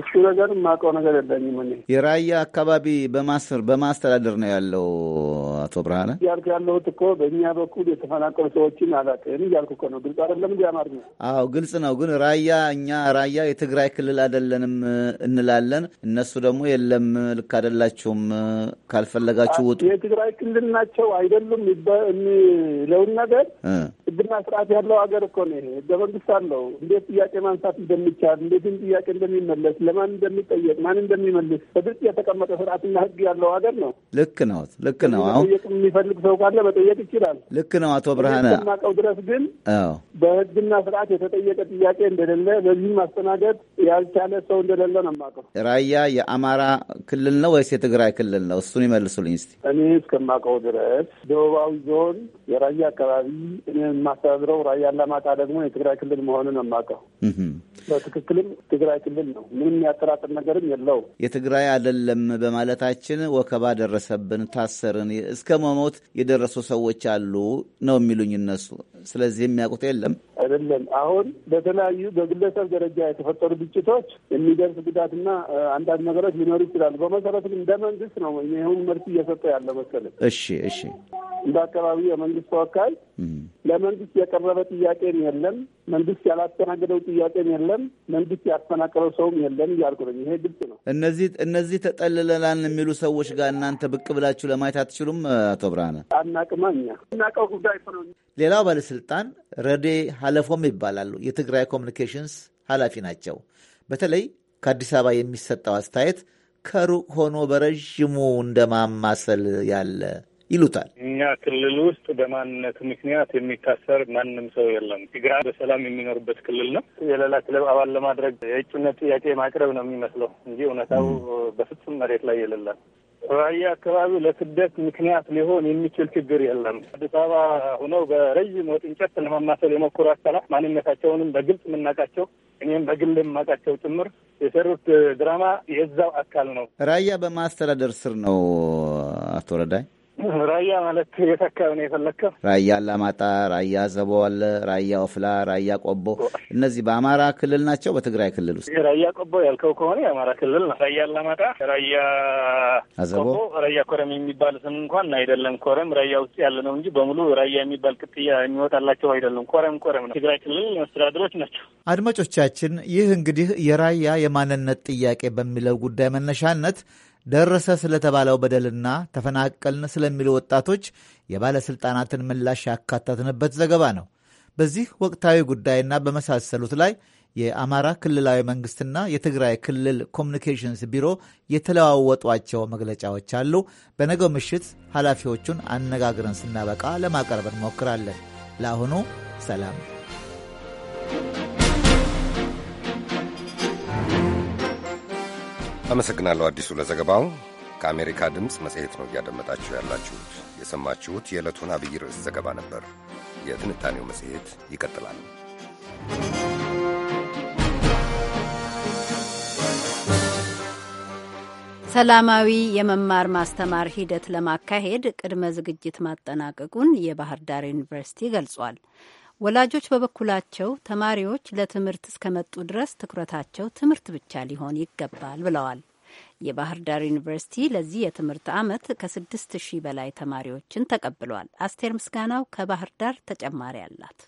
እሱ ነገር የማውቀው ነገር የለኝም። እኔ የራያ አካባቢ በማስር በማስተዳደር ነው ያለው። አቶ ብርሃነ እያልኩ ያለሁት እኮ በእኛ በኩል የተፈናቀሉ ሰዎችን አላውቅም እያልኩ እኮ ነው። ግልጽ አይደለም እንዲ አማርኛ አዎ ግልጽ ነው። ግን ራያ እኛ ራያ የትግራይ ክልል አይደለንም እንላለን። እነሱ ደግሞ የለም ልክ አይደላችሁም፣ ካልፈለጋችሁ ውጡ። የትግራይ ክልል ናቸው አይደሉም የሚለውን ነገር ህግና ስርዓት ያለው ሀገር እኮ ነው። ህገ መንግስት አለው። እንዴት ጥያቄ ማንሳት እንደሚቻል፣ እንዴትም ጥያቄ እንደሚመለስ፣ ለማን እንደሚጠየቅ፣ ማን እንደሚመልስ በግልጽ የተቀመጠ ስርዓትና ህግ ያለው ሀገር ነው። ልክ ነው። ልክ ነው። አሁን የሚፈልግ ሰው ካለ መጠየቅ ይችላል። ልክ ነው አቶ ብርሃነ። ማቀው ድረስ ግን በህግና ስርዓት የተጠየቀ ጥያቄ እንደሌለ በዚህም ማስተናገድ ያልቻለ ሰው እንደሌለ ነው የማውቀው። ራያ የአማራ ክልል ነው ወይስ የትግራይ ክልል ነው? እሱን ይመልሱልኝ እስኪ። እኔ እስከማውቀው ድረስ ደቡባዊ ዞን የራያ አካባቢ፣ እኔ የማስተዳድረው ራያ አላማጣ ደግሞ የትግራይ ክልል መሆኑን ነው የማውቀው። በትክክልም ትግራይ ክልል ነው። ምንም ያጠራጥር ነገርም የለው የትግራይ አይደለም በማለታችን ወከባ ደረሰብን፣ ታሰርን፣ እስከ መሞት የደረሱ ሰዎች አሉ ነው የሚሉኝ እነሱ። ስለዚህ የሚያውቁት የለም አይደለም። አሁን በተለያዩ በግለሰብ ደረጃ የተፈጠሩ ግጭቶች የሚደርስ ጉዳትና አንዳንድ ነገሮች ሊኖሩ ይችላሉ። በመሰረቱ እንደ መንግስት ነው ይሁን መልስ እየሰጠ ያለ መሰለኝ። እሺ፣ እሺ። እንደ አካባቢው የመንግስት ተወካይ ለመንግስት የቀረበ ጥያቄም የለም፣ መንግስት ያላስተናገደው ጥያቄም የለም። የለም፣ መንግስት ያፈናቀለው ሰውም የለም እያልኩ ነው። ይሄ ግልጽ ነው። እነዚህ እነዚህ ተጠልለናል የሚሉ ሰዎች ጋር እናንተ ብቅ ብላችሁ ለማየት አትችሉም? አቶ ብርሃነ አናቅማ እኛ እናቀው ጉዳይ ነው። ሌላው ባለስልጣን ረዴ ሀለፎም ይባላሉ። የትግራይ ኮሚኒኬሽንስ ኃላፊ ናቸው። በተለይ ከአዲስ አበባ የሚሰጠው አስተያየት ከሩቅ ሆኖ በረዥሙ እንደማማሰል ያለ ይሉታል። እኛ ክልል ውስጥ በማንነት ምክንያት የሚታሰር ማንም ሰው የለም። ትግራይ በሰላም የሚኖርበት ክልል ነው። የሌላ ክለብ አባል ለማድረግ የእጩነት ጥያቄ ማቅረብ ነው የሚመስለው እንጂ እውነታው በፍጹም መሬት ላይ የሌለም። ራያ አካባቢ ለስደት ምክንያት ሊሆን የሚችል ችግር የለም። አዲስ አበባ ሆነው በረዥም ወጥ እንጨት ለማማሰል የሞከሩ አካላት ማንነታቸውንም በግልጽ የምናውቃቸው እኔም በግል የማውቃቸው ጭምር የሰሩት ድራማ የዛው አካል ነው። ራያ በማስተዳደር ስር ነው አቶ ረዳይ ራያ ማለት የት አካባቢ ነው የፈለግከው? ራያ አላማጣ፣ ራያ ዘቦ አለ፣ ራያ ወፍላ፣ ራያ ቆቦ። እነዚህ በአማራ ክልል ናቸው። በትግራይ ክልል ውስጥ ራያ ቆቦ ያልከው ከሆነ የአማራ ክልል ነው። ራያ አላማጣ፣ ራያ ዘቦ፣ ራያ ኮረም የሚባል ስም እንኳን አይደለም። ኮረም ራያ ውስጥ ያለ ነው እንጂ በሙሉ ራያ የሚባል ቅጥያ የሚወጣላቸው አይደለም። ኮረም ኮረም ነው። ትግራይ ክልል መስተዳድሮች ናቸው። አድማጮቻችን፣ ይህ እንግዲህ የራያ የማንነት ጥያቄ በሚለው ጉዳይ መነሻነት ደረሰ ስለተባለው በደልና ተፈናቀልን ስለሚሉ ወጣቶች የባለሥልጣናትን ምላሽ ያካተትንበት ዘገባ ነው። በዚህ ወቅታዊ ጉዳይና በመሳሰሉት ላይ የአማራ ክልላዊ መንግስትና የትግራይ ክልል ኮሚኒኬሽንስ ቢሮ የተለዋወጧቸው መግለጫዎች አሉ። በነገው ምሽት ኃላፊዎቹን አነጋግረን ስናበቃ ለማቅረብ እንሞክራለን። ለአሁኑ ሰላም። አመሰግናለሁ አዲሱ ለዘገባው። ከአሜሪካ ድምፅ መጽሔት ነው እያደመጣችሁ ያላችሁት። የሰማችሁት የዕለቱን አብይ ርዕስ ዘገባ ነበር። የትንታኔው መጽሔት ይቀጥላል። ሰላማዊ የመማር ማስተማር ሂደት ለማካሄድ ቅድመ ዝግጅት ማጠናቀቁን የባህር ዳር ዩኒቨርሲቲ ገልጿል። ወላጆች በበኩላቸው ተማሪዎች ለትምህርት እስከመጡ ድረስ ትኩረታቸው ትምህርት ብቻ ሊሆን ይገባል ብለዋል። የባህር ዳር ዩኒቨርሲቲ ለዚህ የትምህርት ዓመት ከስድስት ሺህ በላይ ተማሪዎችን ተቀብሏል። አስቴር ምስጋናው ከባህር ዳር ተጨማሪ አላት።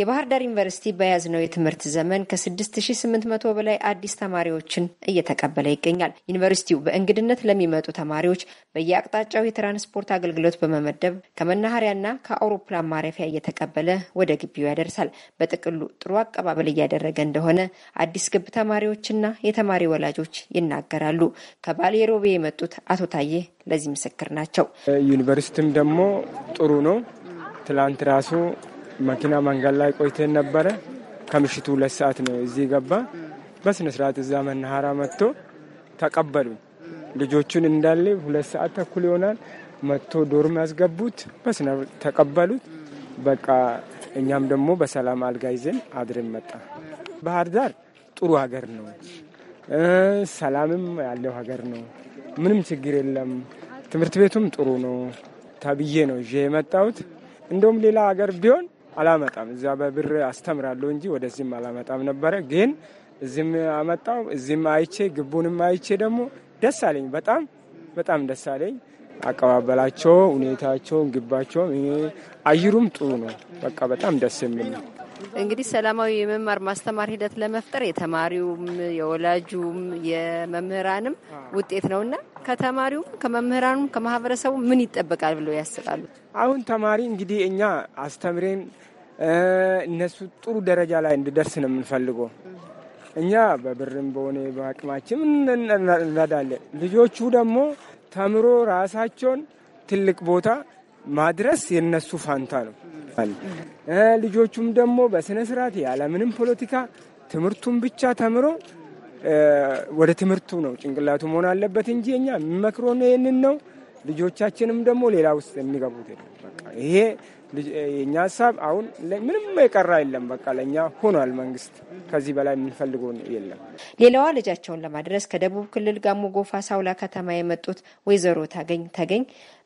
የባህር ዳር ዩኒቨርሲቲ በያዝነው የትምህርት ዘመን ከ6800 በላይ አዲስ ተማሪዎችን እየተቀበለ ይገኛል። ዩኒቨርሲቲው በእንግድነት ለሚመጡ ተማሪዎች በየአቅጣጫው የትራንስፖርት አገልግሎት በመመደብ ከመናኸሪያና ከአውሮፕላን ማረፊያ እየተቀበለ ወደ ግቢው ያደርሳል። በጥቅሉ ጥሩ አቀባበል እያደረገ እንደሆነ አዲስ ግብ ተማሪዎችና የተማሪ ወላጆች ይናገራሉ። ከባሌ ሮቤ የመጡት አቶ ታዬ ለዚህ ምስክር ናቸው። ዩኒቨርሲቲም ደግሞ ጥሩ ነው። ትላንት ራሱ መኪና መንገድ ላይ ቆይተን ነበረ። ከምሽቱ ሁለት ሰዓት ነው እዚህ ገባ። በስነ ስርዓት እዛ መናሃራ መጥቶ ተቀበሉ ልጆቹን እንዳለ ሁለት ሰዓት ተኩል ይሆናል መጥቶ ዶርም ያስገቡት፣ በስነ ተቀበሉት። በቃ እኛም ደግሞ በሰላም አልጋ ይዘን አድርን መጣ። ባህር ዳር ጥሩ ሀገር ነው፣ ሰላምም ያለው ሀገር ነው። ምንም ችግር የለም። ትምህርት ቤቱም ጥሩ ነው ተብዬ ነው ይዤ የመጣሁት። እንደውም ሌላ ሀገር ቢሆን አላመጣም። እዚያ በብር አስተምራለሁ እንጂ ወደዚህም አላመጣም ነበረ። ግን እዚህም አመጣው። እዚህም አይቼ ግቡንም አይቼ ደግሞ ደስ አለኝ። በጣም በጣም ደስ አለኝ። አቀባበላቸው፣ ሁኔታቸውን፣ ግባቸውም አየሩም ጥሩ ነው። በቃ በጣም ደስ የሚል ነው። እንግዲህ ሰላማዊ የመማር ማስተማር ሂደት ለመፍጠር የተማሪውም የወላጁም የመምህራንም ውጤት ነው እና ከተማሪውም ከመምህራኑም ከማህበረሰቡ ምን ይጠበቃል ብለው ያስባሉ? አሁን ተማሪ እንግዲህ እኛ አስተምሬን እነሱ ጥሩ ደረጃ ላይ እንዲደርስ ነው የምንፈልገው። እኛ በብርም በሆነ በአቅማችን እንረዳለን። ልጆቹ ደግሞ ተምሮ ራሳቸውን ትልቅ ቦታ ማድረስ የነሱ ፋንታ ነው። ልጆቹም ደግሞ በስነ ስርዓት ያለምንም ፖለቲካ ትምህርቱን ብቻ ተምሮ ወደ ትምህርቱ ነው ጭንቅላቱ መሆን አለበት እንጂ እኛ የሚመክሮን ይህንን ነው። ልጆቻችንም ደግሞ ሌላ ውስጥ የሚገቡት ይሄ የእኛ ሀሳብ አሁን ምንም የቀራ የለም። በቃ ለእኛ ሆኗል። መንግስት ከዚህ በላይ የምንፈልገው የለም። ሌላዋ ልጃቸውን ለማድረስ ከደቡብ ክልል ጋሞ ጎፋ ሳውላ ከተማ የመጡት ወይዘሮ ታገኝ ተገኝ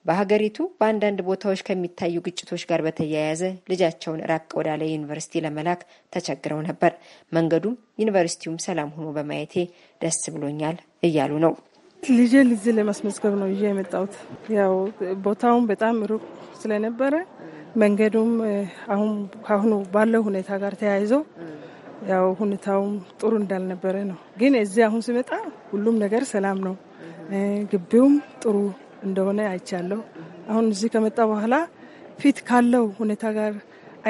በሀገሪቱ በአንዳንድ ቦታዎች ከሚታዩ ግጭቶች ጋር በተያያዘ ልጃቸውን ራቅ ወዳለ ዩኒቨርሲቲ ለመላክ ተቸግረው ነበር። መንገዱም ዩኒቨርሲቲውም ሰላም ሆኖ በማየቴ ደስ ብሎኛል እያሉ ነው። ልጄን እዚህ ለማስመዝገብ ነው ይዤ የመጣሁት። ያው ቦታውን በጣም ሩቅ ስለነበረ መንገዱም አሁን ከአሁኑ ባለው ሁኔታ ጋር ተያይዞ ያው ሁኔታውም ጥሩ እንዳልነበረ ነው። ግን እዚህ አሁን ስመጣ ሁሉም ነገር ሰላም ነው። ግቢውም ጥሩ እንደሆነ አይቻለሁ። አሁን እዚህ ከመጣ በኋላ ፊት ካለው ሁኔታ ጋር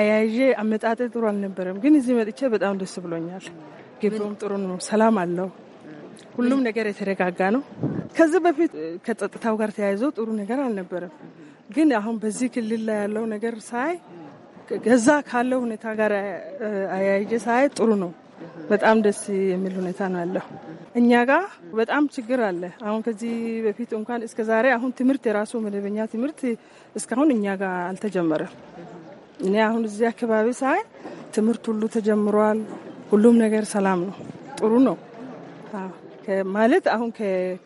አያይዤ አመጣጤ ጥሩ አልነበረም። ግን እዚህ መጥቼ በጣም ደስ ብሎኛል። ግቢውም ጥሩ ነው፣ ሰላም አለው። ሁሉም ነገር የተረጋጋ ነው። ከዚህ በፊት ከጸጥታው ጋር ተያይዞ ጥሩ ነገር አልነበረም። ግን አሁን በዚህ ክልል ላይ ያለው ነገር ሳይ ከዛ ካለው ሁኔታ ጋር አያይዤ ሳይ ጥሩ ነው። በጣም ደስ የሚል ሁኔታ ነው ያለው። እኛ ጋ በጣም ችግር አለ። አሁን ከዚህ በፊት እንኳን እስከ ዛሬ አሁን ትምህርት የራሱ መደበኛ ትምህርት እስካሁን እኛ ጋር አልተጀመረም። እኔ አሁን እዚህ አካባቢ ሳይ ትምህርት ሁሉ ተጀምሯል። ሁሉም ነገር ሰላም ነው፣ ጥሩ ነው። ማለት አሁን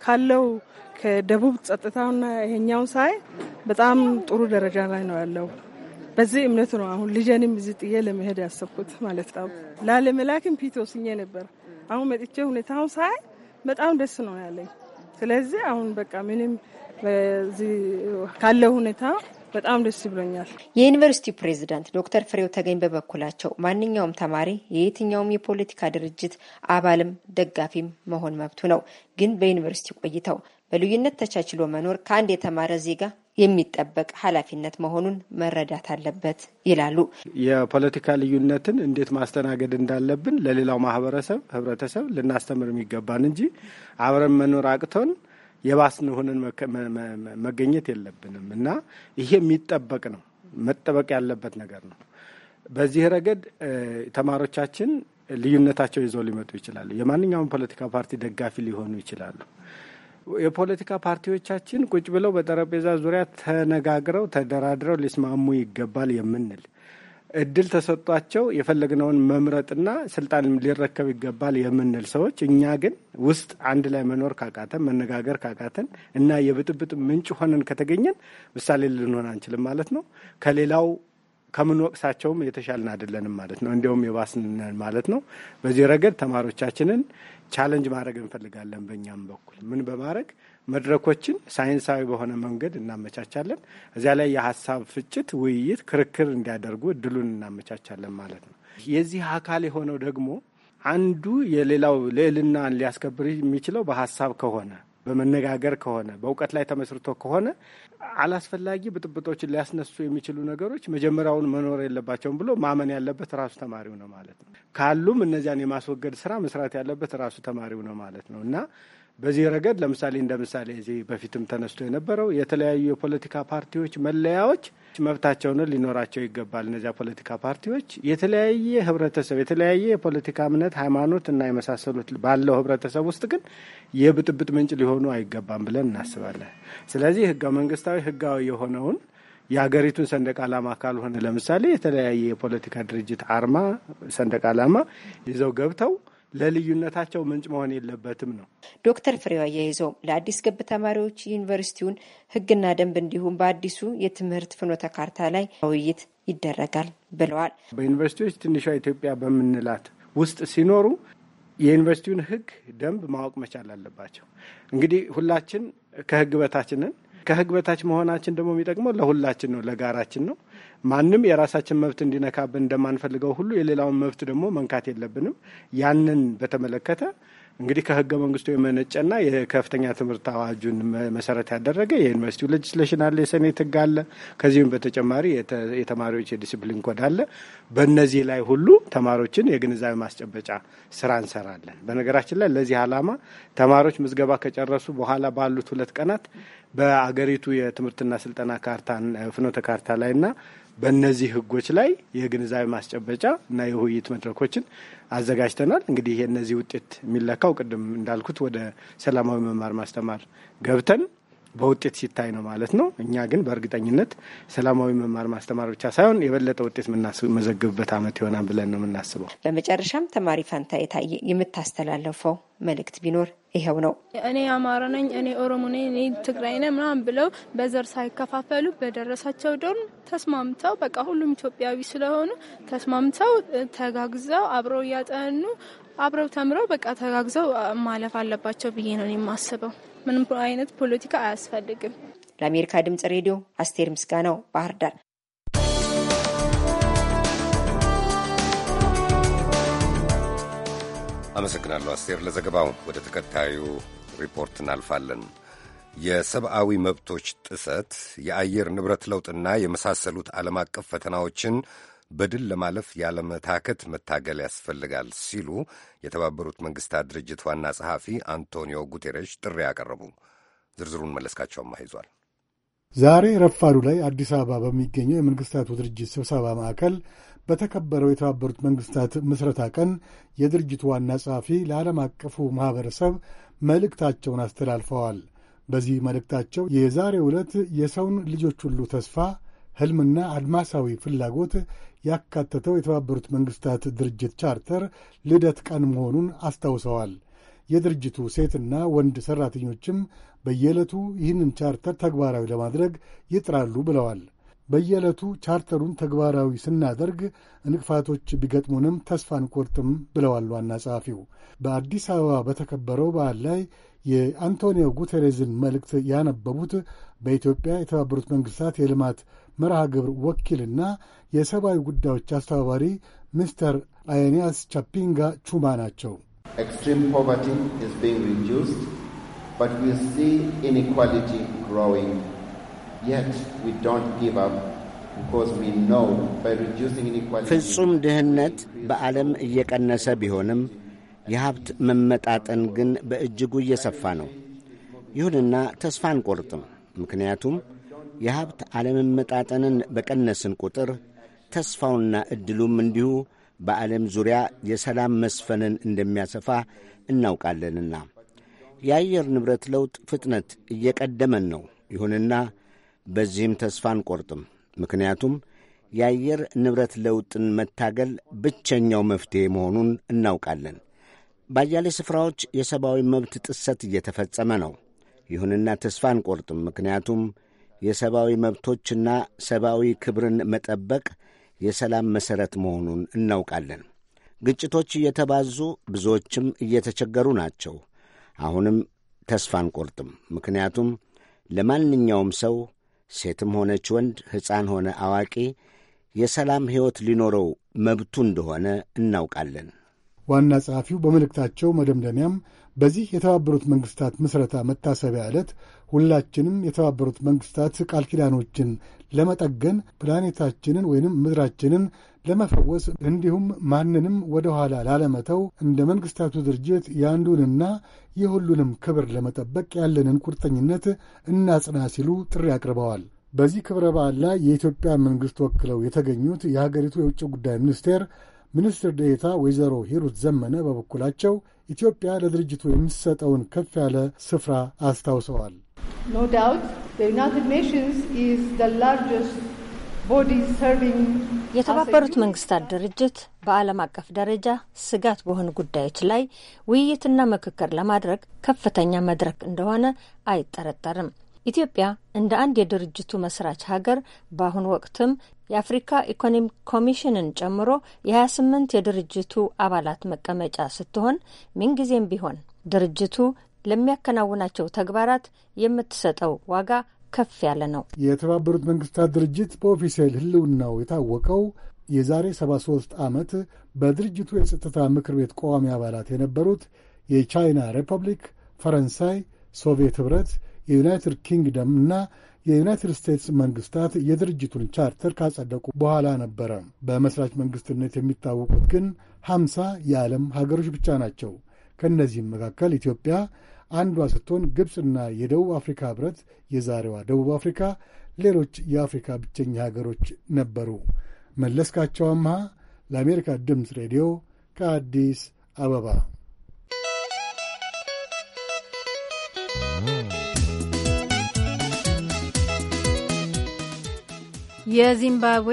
ካለው ከደቡብ ጸጥታውና ይሄኛውን ሳይ በጣም ጥሩ ደረጃ ላይ ነው ያለው። በዚህ እምነት ነው አሁን ልጄንም እዚህ ጥዬ ለመሄድ ያሰብኩት ማለት ነው። ላለመላክም ፊት ወስኜ ነበር። አሁን መጥቼ ሁኔታውን ሳይ በጣም ደስ ነው ያለኝ። ስለዚህ አሁን በቃ ምንም ካለው ሁኔታ በጣም ደስ ብሎኛል። የዩኒቨርሲቲው ፕሬዚዳንት ዶክተር ፍሬው ተገኝ በበኩላቸው ማንኛውም ተማሪ የየትኛውም የፖለቲካ ድርጅት አባልም ደጋፊም መሆን መብቱ ነው። ግን በዩኒቨርሲቲ ቆይተው በልዩነት ተቻችሎ መኖር ከአንድ የተማረ ዜጋ የሚጠበቅ ኃላፊነት መሆኑን መረዳት አለበት ይላሉ። የፖለቲካ ልዩነትን እንዴት ማስተናገድ እንዳለብን ለሌላው ማህበረሰብ፣ ህብረተሰብ ልናስተምር የሚገባን እንጂ አብረን መኖር አቅቶን የባስን ሆነን መገኘት የለብንም እና ይሄ የሚጠበቅ ነው፣ መጠበቅ ያለበት ነገር ነው። በዚህ ረገድ ተማሪዎቻችን ልዩነታቸው ይዘው ሊመጡ ይችላሉ። የማንኛውም ፖለቲካ ፓርቲ ደጋፊ ሊሆኑ ይችላሉ። የፖለቲካ ፓርቲዎቻችን ቁጭ ብለው በጠረጴዛ ዙሪያ ተነጋግረው ተደራድረው ሊስማሙ ይገባል የምንል እድል ተሰጧቸው የፈለግነውን መምረጥና ስልጣን ሊረከብ ይገባል የምንል ሰዎች፣ እኛ ግን ውስጥ አንድ ላይ መኖር ካቃተን፣ መነጋገር ካቃተን እና የብጥብጥ ምንጭ ሆነን ከተገኘን ምሳሌ ልንሆን አንችልም ማለት ነው። ከሌላው ከምንወቅሳቸውም የተሻልን አይደለንም ማለት ነው። እንዲያውም የባስንን ማለት ነው። በዚህ ረገድ ተማሪዎቻችንን ቻለንጅ ማድረግ እንፈልጋለን። በእኛም በኩል ምን በማድረግ መድረኮችን ሳይንሳዊ በሆነ መንገድ እናመቻቻለን። እዚያ ላይ የሀሳብ ፍጭት፣ ውይይት፣ ክርክር እንዲያደርጉ እድሉን እናመቻቻለን ማለት ነው። የዚህ አካል የሆነው ደግሞ አንዱ የሌላው ልዕልና ሊያስከብር የሚችለው በሀሳብ ከሆነ በመነጋገር ከሆነ በእውቀት ላይ ተመስርቶ ከሆነ አላስፈላጊ ብጥብጦችን ሊያስነሱ የሚችሉ ነገሮች መጀመሪያውን መኖር የለባቸውም ብሎ ማመን ያለበት ራሱ ተማሪው ነው ማለት ነው። ካሉም እነዚያን የማስወገድ ስራ መስራት ያለበት ራሱ ተማሪው ነው ማለት ነው እና በዚህ ረገድ ለምሳሌ እንደ ምሳሌ እዚህ በፊትም ተነስቶ የነበረው የተለያዩ የፖለቲካ ፓርቲዎች መለያዎች መብታቸውን ሊኖራቸው ይገባል። እነዚያ ፖለቲካ ፓርቲዎች የተለያየ ህብረተሰብ የተለያየ የፖለቲካ እምነት፣ ሃይማኖት እና የመሳሰሉት ባለው ህብረተሰብ ውስጥ ግን የብጥብጥ ምንጭ ሊሆኑ አይገባም ብለን እናስባለን። ስለዚህ ህገ መንግስታዊ ህጋዊ የሆነውን የሀገሪቱን ሰንደቅ ዓላማ ካልሆነ ለምሳሌ የተለያየ የፖለቲካ ድርጅት አርማ ሰንደቅ ዓላማ ይዘው ገብተው ለልዩነታቸው ምንጭ መሆን የለበትም ነው። ዶክተር ፍሬው አያይዘው ለአዲስ ገብ ተማሪዎች ዩኒቨርሲቲውን ሕግና ደንብ እንዲሁም በአዲሱ የትምህርት ፍኖተ ካርታ ላይ ውይይት ይደረጋል ብለዋል። በዩኒቨርሲቲዎች ትንሿ ኢትዮጵያ በምንላት ውስጥ ሲኖሩ የዩኒቨርሲቲውን ሕግ ደንብ ማወቅ መቻል አለባቸው። እንግዲህ ሁላችን ከሕግ በታችንን ከህግ በታች መሆናችን ደግሞ የሚጠቅመው ለሁላችን ነው፣ ለጋራችን ነው። ማንም የራሳችን መብት እንዲነካብን እንደማንፈልገው ሁሉ የሌላውን መብት ደግሞ መንካት የለብንም። ያንን በተመለከተ እንግዲህ ከህገ መንግስቱ የመነጨና የከፍተኛ ትምህርት አዋጁን መሰረት ያደረገ የዩኒቨርሲቲው ሌጅስሌሽን አለ፣ የሴኔት ህግ አለ። ከዚህም በተጨማሪ የተማሪዎች የዲስፕሊን ኮድ አለ። በእነዚህ ላይ ሁሉ ተማሪዎችን የግንዛቤ ማስጨበጫ ስራ እንሰራለን። በነገራችን ላይ ለዚህ ዓላማ ተማሪዎች ምዝገባ ከጨረሱ በኋላ ባሉት ሁለት ቀናት በአገሪቱ የትምህርትና ስልጠና ካርታን ፍኖተ ካርታ ላይና በእነዚህ ህጎች ላይ የግንዛቤ ማስጨበጫ እና የውይይት መድረኮችን አዘጋጅተናል። እንግዲህ የእነዚህ ውጤት የሚለካው ቅድም እንዳልኩት ወደ ሰላማዊ መማር ማስተማር ገብተን በውጤት ሲታይ ነው ማለት ነው። እኛ ግን በእርግጠኝነት ሰላማዊ መማር ማስተማር ብቻ ሳይሆን የበለጠ ውጤት መዘግብበት አመት ይሆናል ብለን ነው የምናስበው። በመጨረሻም ተማሪ ፋንታ የታየ የምታስተላለፈው መልእክት ቢኖር ይኸው ነው። እኔ አማራ ነኝ፣ እኔ ኦሮሞ ነኝ፣ እኔ ትግራይ ነኝ ምናምን ብለው በዘር ሳይከፋፈሉ በደረሳቸው ደን ተስማምተው በቃ ሁሉም ኢትዮጵያዊ ስለሆኑ ተስማምተው ተጋግዘው አብረው እያጠኑ አብረው ተምረው በቃ ተጋግዘው ማለፍ አለባቸው ብዬ ነው የማስበው። ምንም አይነት ፖለቲካ አያስፈልግም። ለአሜሪካ ድምጽ ሬዲዮ አስቴር ምስጋናው ባህር ዳር። አመሰግናለሁ አስቴር ለዘገባው። ወደ ተከታዩ ሪፖርት እናልፋለን። የሰብአዊ መብቶች ጥሰት፣ የአየር ንብረት ለውጥና የመሳሰሉት ዓለም አቀፍ ፈተናዎችን በድል ለማለፍ ያለመታከት መታገል ያስፈልጋል ሲሉ የተባበሩት መንግስታት ድርጅት ዋና ጸሐፊ አንቶኒዮ ጉቴሬሽ ጥሪ ያቀረቡ። ዝርዝሩን መለስካቸውም አይዟል። ዛሬ ረፋዱ ላይ አዲስ አበባ በሚገኘው የመንግስታቱ ድርጅት ስብሰባ ማዕከል በተከበረው የተባበሩት መንግስታት ምስረታ ቀን የድርጅቱ ዋና ጸሐፊ ለዓለም አቀፉ ማኅበረሰብ መልእክታቸውን አስተላልፈዋል። በዚህ መልእክታቸው የዛሬ ዕለት የሰውን ልጆች ሁሉ ተስፋ ህልምና አድማሳዊ ፍላጎት ያካተተው የተባበሩት መንግሥታት ድርጅት ቻርተር ልደት ቀን መሆኑን አስታውሰዋል። የድርጅቱ ሴትና ወንድ ሠራተኞችም በየዕለቱ ይህንን ቻርተር ተግባራዊ ለማድረግ ይጥራሉ ብለዋል። በየዕለቱ ቻርተሩን ተግባራዊ ስናደርግ እንቅፋቶች ቢገጥሙንም ተስፋ አንቆርጥም ብለዋል ዋና ጸሐፊው። በአዲስ አበባ በተከበረው በዓል ላይ የአንቶኒዮ ጉቴሬዝን መልእክት ያነበቡት በኢትዮጵያ የተባበሩት መንግሥታት የልማት መርሃ ግብር ወኪልና የሰብአዊ ጉዳዮች አስተባባሪ ሚስተር አይንያስ ቻፒንጋ ቹማ ናቸው። ፍጹም ድህነት በዓለም እየቀነሰ ቢሆንም የሀብት መመጣጠን ግን በእጅጉ እየሰፋ ነው። ይሁንና ተስፋ አንቆርጥም፣ ምክንያቱም የሀብት አለመመጣጠንን በቀነስን ቁጥር ተስፋውና ዕድሉም እንዲሁ በዓለም ዙሪያ የሰላም መስፈንን እንደሚያሰፋ እናውቃለንና የአየር ንብረት ለውጥ ፍጥነት እየቀደመን ነው። ይሁንና በዚህም ተስፋ አንቆርጥም። ምክንያቱም የአየር ንብረት ለውጥን መታገል ብቸኛው መፍትሔ መሆኑን እናውቃለን። ባያሌ ስፍራዎች የሰብአዊ መብት ጥሰት እየተፈጸመ ነው። ይሁንና ተስፋ አንቆርጥም። ምክንያቱም የሰብአዊ መብቶችና ሰብአዊ ክብርን መጠበቅ የሰላም መሠረት መሆኑን እናውቃለን። ግጭቶች እየተባዙ ብዙዎችም እየተቸገሩ ናቸው። አሁንም ተስፋ አንቆርጥም። ምክንያቱም ለማንኛውም ሰው ሴትም ሆነች ወንድ፣ ሕፃን ሆነ አዋቂ የሰላም ሕይወት ሊኖረው መብቱ እንደሆነ እናውቃለን። ዋና ጸሐፊው በመልእክታቸው መደምደሚያም በዚህ የተባበሩት መንግሥታት ምስረታ መታሰቢያ ዕለት ሁላችንም የተባበሩት መንግሥታት ቃል ኪዳኖችን ለመጠገን ፕላኔታችንን ወይንም ምድራችንን ለመፈወስ እንዲሁም ማንንም ወደ ኋላ ላለመተው እንደ መንግሥታቱ ድርጅት የአንዱንና የሁሉንም ክብር ለመጠበቅ ያለንን ቁርጠኝነት እናጽና ሲሉ ጥሪ አቅርበዋል። በዚህ ክብረ በዓል ላይ የኢትዮጵያ መንግሥት ወክለው የተገኙት የሀገሪቱ የውጭ ጉዳይ ሚኒስቴር ሚኒስትር ዴኤታ ወይዘሮ ሂሩት ዘመነ በበኩላቸው ኢትዮጵያ ለድርጅቱ የሚሰጠውን ከፍ ያለ ስፍራ አስታውሰዋል። No doubt, the United Nations is the largest የተባበሩት መንግስታት ድርጅት በዓለም አቀፍ ደረጃ ስጋት በሆኑ ጉዳዮች ላይ ውይይትና ምክክር ለማድረግ ከፍተኛ መድረክ እንደሆነ አይጠረጠርም። ኢትዮጵያ እንደ አንድ የድርጅቱ መስራች ሀገር በአሁኑ ወቅትም የአፍሪካ ኢኮኖሚ ኮሚሽንን ጨምሮ የ28 የድርጅቱ አባላት መቀመጫ ስትሆን ምንጊዜም ቢሆን ድርጅቱ ለሚያከናውናቸው ተግባራት የምትሰጠው ዋጋ ከፍ ያለ ነው። የተባበሩት መንግስታት ድርጅት በኦፊሴል ህልውናው የታወቀው የዛሬ 73 ዓመት በድርጅቱ የጸጥታ ምክር ቤት ቋሚ አባላት የነበሩት የቻይና ሪፐብሊክ፣ ፈረንሳይ፣ ሶቪየት ኅብረት፣ የዩናይትድ ኪንግደም እና የዩናይትድ ስቴትስ መንግስታት የድርጅቱን ቻርተር ካጸደቁ በኋላ ነበረ። በመስራች መንግስትነት የሚታወቁት ግን ሀምሳ የዓለም ሀገሮች ብቻ ናቸው። ከእነዚህም መካከል ኢትዮጵያ አንዷ ስትሆን ግብፅና የደቡብ አፍሪካ ህብረት የዛሬዋ ደቡብ አፍሪካ ሌሎች የአፍሪካ ብቸኛ ሀገሮች ነበሩ። መለስካቸው አምሃ ለአሜሪካ ድምፅ ሬዲዮ ከአዲስ አበባ የዚምባብዌ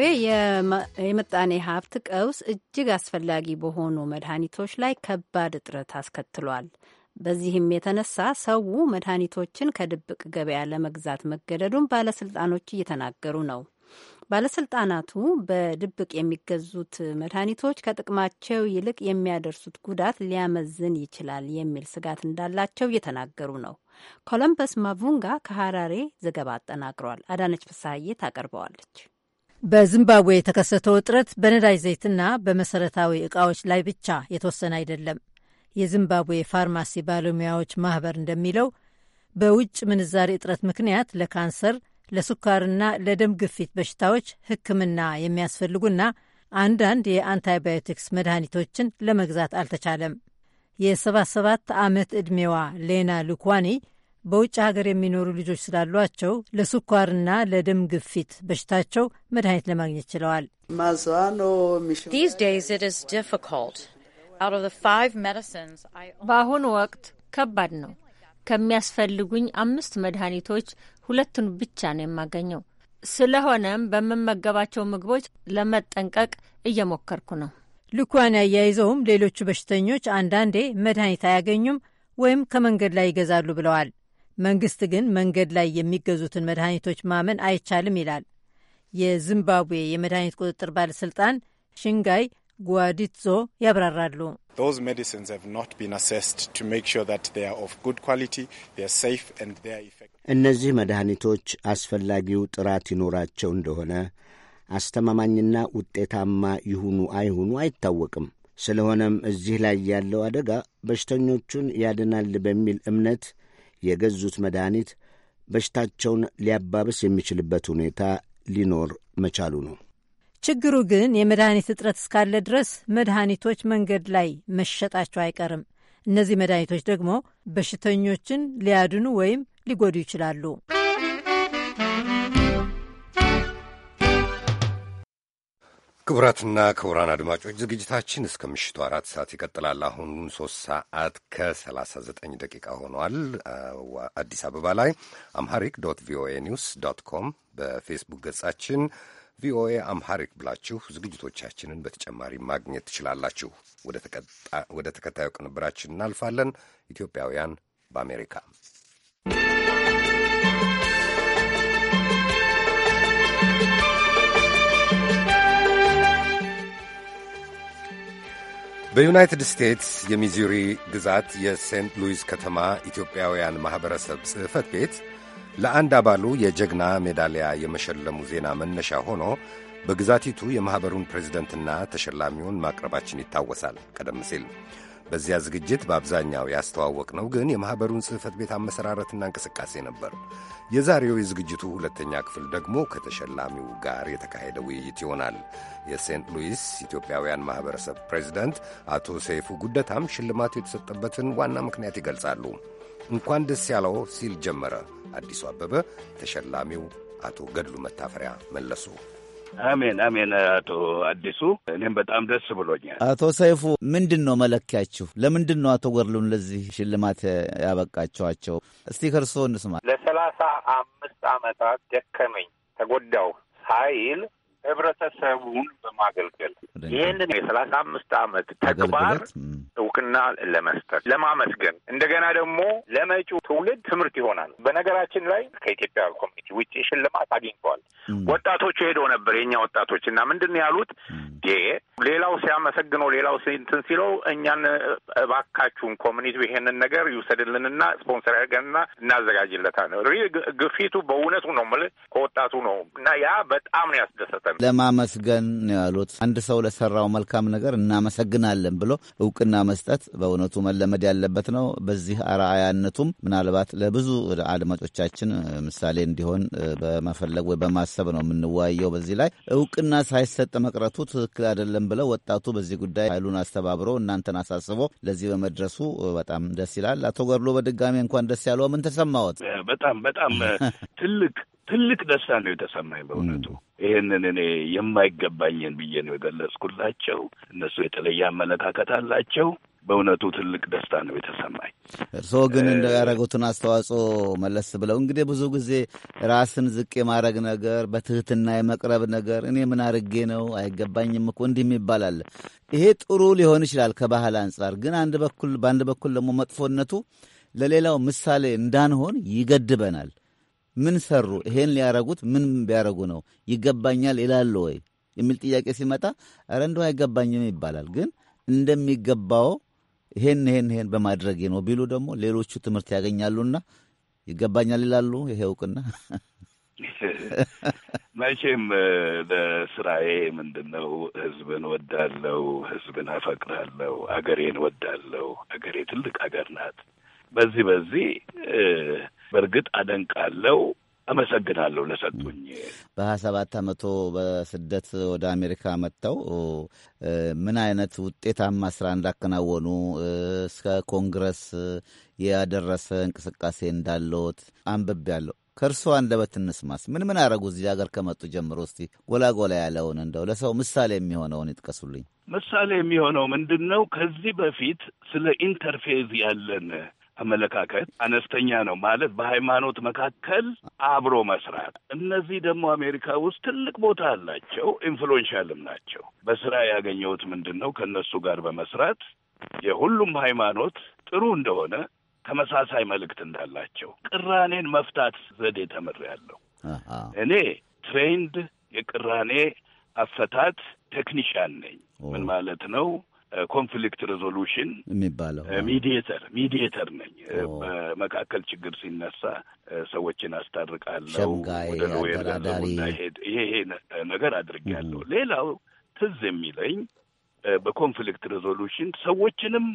የምጣኔ ሀብት ቀውስ እጅግ አስፈላጊ በሆኑ መድኃኒቶች ላይ ከባድ እጥረት አስከትሏል። በዚህም የተነሳ ሰው መድኃኒቶችን ከድብቅ ገበያ ለመግዛት መገደዱን ባለስልጣኖች እየተናገሩ ነው። ባለስልጣናቱ በድብቅ የሚገዙት መድኃኒቶች ከጥቅማቸው ይልቅ የሚያደርሱት ጉዳት ሊያመዝን ይችላል የሚል ስጋት እንዳላቸው እየተናገሩ ነው። ኮሎምበስ ማቡንጋ ከሀራሬ ዘገባ አጠናቅሯል። አዳነች ፍሳሐዬ ታቀርበዋለች። በዚምባብዌ የተከሰተው እጥረት በነዳጅ ዘይትና በመሰረታዊ እቃዎች ላይ ብቻ የተወሰነ አይደለም። የዚምባብዌ ፋርማሲ ባለሙያዎች ማህበር እንደሚለው በውጭ ምንዛሪ እጥረት ምክንያት ለካንሰር፣ ለሱካርና ለደም ግፊት በሽታዎች ሕክምና የሚያስፈልጉና አንዳንድ የአንታይባዮቲክስ መድኃኒቶችን ለመግዛት አልተቻለም። የ77 ዓመት ዕድሜዋ ሌና ሉኳኒ በውጭ ሀገር የሚኖሩ ልጆች ስላሏቸው ለስኳርና ለደም ግፊት በሽታቸው መድኃኒት ለማግኘት ችለዋል። በአሁኑ ወቅት ከባድ ነው። ከሚያስፈልጉኝ አምስት መድኃኒቶች ሁለቱን ብቻ ነው የማገኘው። ስለሆነም በምመገባቸው ምግቦች ለመጠንቀቅ እየሞከርኩ ነው። ልኳን ያያይዘውም ሌሎቹ በሽተኞች አንዳንዴ መድኃኒት አያገኙም ወይም ከመንገድ ላይ ይገዛሉ ብለዋል። መንግስት ግን መንገድ ላይ የሚገዙትን መድኃኒቶች ማመን አይቻልም ይላል። የዚምባብዌ የመድኃኒት ቁጥጥር ባለሥልጣን ሽንጋይ ጓዲትዞ ያብራራሉ። እነዚህ መድኃኒቶች አስፈላጊው ጥራት ይኖራቸው እንደሆነ አስተማማኝና ውጤታማ ይሁኑ አይሁኑ አይታወቅም። ስለሆነም እዚህ ላይ ያለው አደጋ በሽተኞቹን ያድናል በሚል እምነት የገዙት መድኃኒት በሽታቸውን ሊያባብስ የሚችልበት ሁኔታ ሊኖር መቻሉ ነው። ችግሩ ግን የመድኃኒት እጥረት እስካለ ድረስ መድኃኒቶች መንገድ ላይ መሸጣቸው አይቀርም። እነዚህ መድኃኒቶች ደግሞ በሽተኞችን ሊያድኑ ወይም ሊጎዱ ይችላሉ። ክቡራትና ክቡራን አድማጮች ዝግጅታችን እስከ ምሽቱ አራት ሰዓት ይቀጥላል። አሁን ሶስት ሰዓት ከሰላሳ ዘጠኝ ደቂቃ ሆኗል። አዲስ አበባ ላይ አምሃሪክ ዶት ቪኦኤ ኒውስ ዶት ኮም በፌስቡክ ገጻችን ቪኦኤ አምሃሪክ ብላችሁ ዝግጅቶቻችንን በተጨማሪ ማግኘት ትችላላችሁ። ወደ ተከታዩ ቅንብራችን እናልፋለን። ኢትዮጵያውያን በአሜሪካ በዩናይትድ ስቴትስ የሚዙሪ ግዛት የሴንት ሉዊስ ከተማ ኢትዮጵያውያን ማኅበረሰብ ጽሕፈት ቤት ለአንድ አባሉ የጀግና ሜዳሊያ የመሸለሙ ዜና መነሻ ሆኖ በግዛቲቱ የማኅበሩን ፕሬዝደንትና ተሸላሚውን ማቅረባችን ይታወሳል። ቀደም ሲል በዚያ ዝግጅት በአብዛኛው ያስተዋወቅ ነው ግን የማኅበሩን ጽሕፈት ቤት አመሰራረትና እንቅስቃሴ ነበር። የዛሬው የዝግጅቱ ሁለተኛ ክፍል ደግሞ ከተሸላሚው ጋር የተካሄደ ውይይት ይሆናል። የሴንት ሉዊስ ኢትዮጵያውያን ማኅበረሰብ ፕሬዚደንት አቶ ሰይፉ ጉደታም ሽልማቱ የተሰጠበትን ዋና ምክንያት ይገልጻሉ። እንኳን ደስ ያለው ሲል ጀመረ አዲሱ አበበ ተሸላሚው አቶ ገድሉ መታፈሪያ መለሱ። አሜን አሜን። አቶ አዲሱ እኔም በጣም ደስ ብሎኛል። አቶ ሰይፉ ምንድን ነው መለኪያችሁ? ለምንድን ነው አቶ ወርሉን ለዚህ ሽልማት ያበቃችኋቸው? እስቲ ከእርስዎ እንስማ። ለሰላሳ አምስት አመታት ደከመኝ ተጎዳው ሳይል ህብረተሰቡን በማገልገል ይህንን የሰላሳ አምስት አመት ተግባር እውቅና ለመስጠት ለማመስገን እንደገና ደግሞ ለመጪው ትውልድ ትምህርት ይሆናል። በነገራችን ላይ ከኢትዮጵያ ኮሚኒቲ ውጭ ሽልማት አግኝተዋል። ወጣቶቹ ሄደው ነበር የእኛ ወጣቶች እና ምንድን ነው ያሉት? ሌላው ሲያመሰግነው ሌላው እንትን ሲለው እኛን እባካችሁን ኮሚኒቲ ይሄንን ነገር ይውሰድልንና ስፖንሰር ያድርገንና እናዘጋጅለታል። ግፊቱ በእውነቱ ነው የምልህ ከወጣቱ ነው እና ያ በጣም ነው ያስደሰተ ለማመስገን ነው ያሉት። አንድ ሰው ለሰራው መልካም ነገር እናመሰግናለን ብሎ እውቅና መስጠት በእውነቱ መለመድ ያለበት ነው። በዚህ አርአያነቱም ምናልባት ለብዙ አድማጮቻችን ምሳሌ እንዲሆን በመፈለግ ወይ በማሰብ ነው የምንወያየው። በዚህ ላይ እውቅና ሳይሰጥ መቅረቱ ትክክል አይደለም ብለው ወጣቱ በዚህ ጉዳይ ኃይሉን አስተባብሮ እናንተን አሳስቦ ለዚህ በመድረሱ በጣም ደስ ይላል። አቶ ገድሎ በድጋሚ እንኳን ደስ ያለው ምን ተሰማዎት? በጣም በጣም ትልቅ ትልቅ ደስታ ነው የተሰማኝ በእውነቱ። ይህንን እኔ የማይገባኝን ብዬ ነው የገለጽኩላቸው። እነሱ የተለየ አመለካከት አላቸው። በእውነቱ ትልቅ ደስታ ነው የተሰማኝ። እርስዎ ግን ያደረጉትን አስተዋጽኦ መለስ ብለው እንግዲህ ብዙ ጊዜ ራስን ዝቅ የማድረግ ነገር፣ በትህትና የመቅረብ ነገር እኔ ምን አርጌ ነው አይገባኝም እኮ እንዲህ ይባላል። ይሄ ጥሩ ሊሆን ይችላል ከባህል አንጻር፣ ግን አንድ በኩል በአንድ በኩል ደግሞ መጥፎነቱ ለሌላው ምሳሌ እንዳንሆን ይገድበናል። ምን ሰሩ? ይሄን ሊያረጉት ምን ቢያረጉ ነው ይገባኛል ይላሉ ወይ የሚል ጥያቄ ሲመጣ ኧረ እንደው አይገባኝም ይባላል። ግን እንደሚገባው ይሄን ይሄን ይሄን በማድረጌ ነው ቢሉ ደግሞ ሌሎቹ ትምህርት ያገኛሉና ይገባኛል ይላሉ። ይሄ እውቅና መቼም ለስራዬ ምንድን ነው ህዝብን ወዳለው፣ ህዝብን አፈቅራለው፣ አገሬን ወዳለው። አገሬ ትልቅ አገር ናት። በዚህ በዚህ በእርግጥ አደንቃለው። አመሰግናለሁ ለሰጡኝ። በሀያ ሰባት አመቶ በስደት ወደ አሜሪካ መጥተው ምን አይነት ውጤታማ ስራ እንዳከናወኑ እስከ ኮንግረስ ያደረሰ እንቅስቃሴ እንዳለዎት አንብቤያለሁ። ከእርስዎ አንደበት እንስማስ። ምን ምን አረጉ እዚህ ሀገር ከመጡ ጀምሮ? እስቲ ጎላጎላ ያለውን እንደው ለሰው ምሳሌ የሚሆነውን ይጥቀሱልኝ። ምሳሌ የሚሆነው ምንድን ነው? ከዚህ በፊት ስለ ኢንተርፌዝ ያለን አመለካከት አነስተኛ ነው ማለት በሃይማኖት መካከል አብሮ መስራት። እነዚህ ደግሞ አሜሪካ ውስጥ ትልቅ ቦታ አላቸው፣ ኢንፍሉዌንሻልም ናቸው። በስራ ያገኘሁት ምንድን ነው ከእነሱ ጋር በመስራት የሁሉም ሃይማኖት ጥሩ እንደሆነ ተመሳሳይ መልእክት እንዳላቸው ቅራኔን መፍታት ዘዴ ተምሬያለሁ። እኔ ትሬንድ የቅራኔ አፈታት ቴክኒሽያን ነኝ። ምን ማለት ነው? ኮንፍሊክት ሬዞሉሽን የሚባለው ሚዲየተር ሚዲየተር ነኝ። በመካከል ችግር ሲነሳ ሰዎችን አስታርቃለሁ። ወደ ይሄ ነገር አድርጌያለሁ። ሌላው ትዝ የሚለኝ በኮንፍሊክት ሬዞሉሽን ሰዎችንም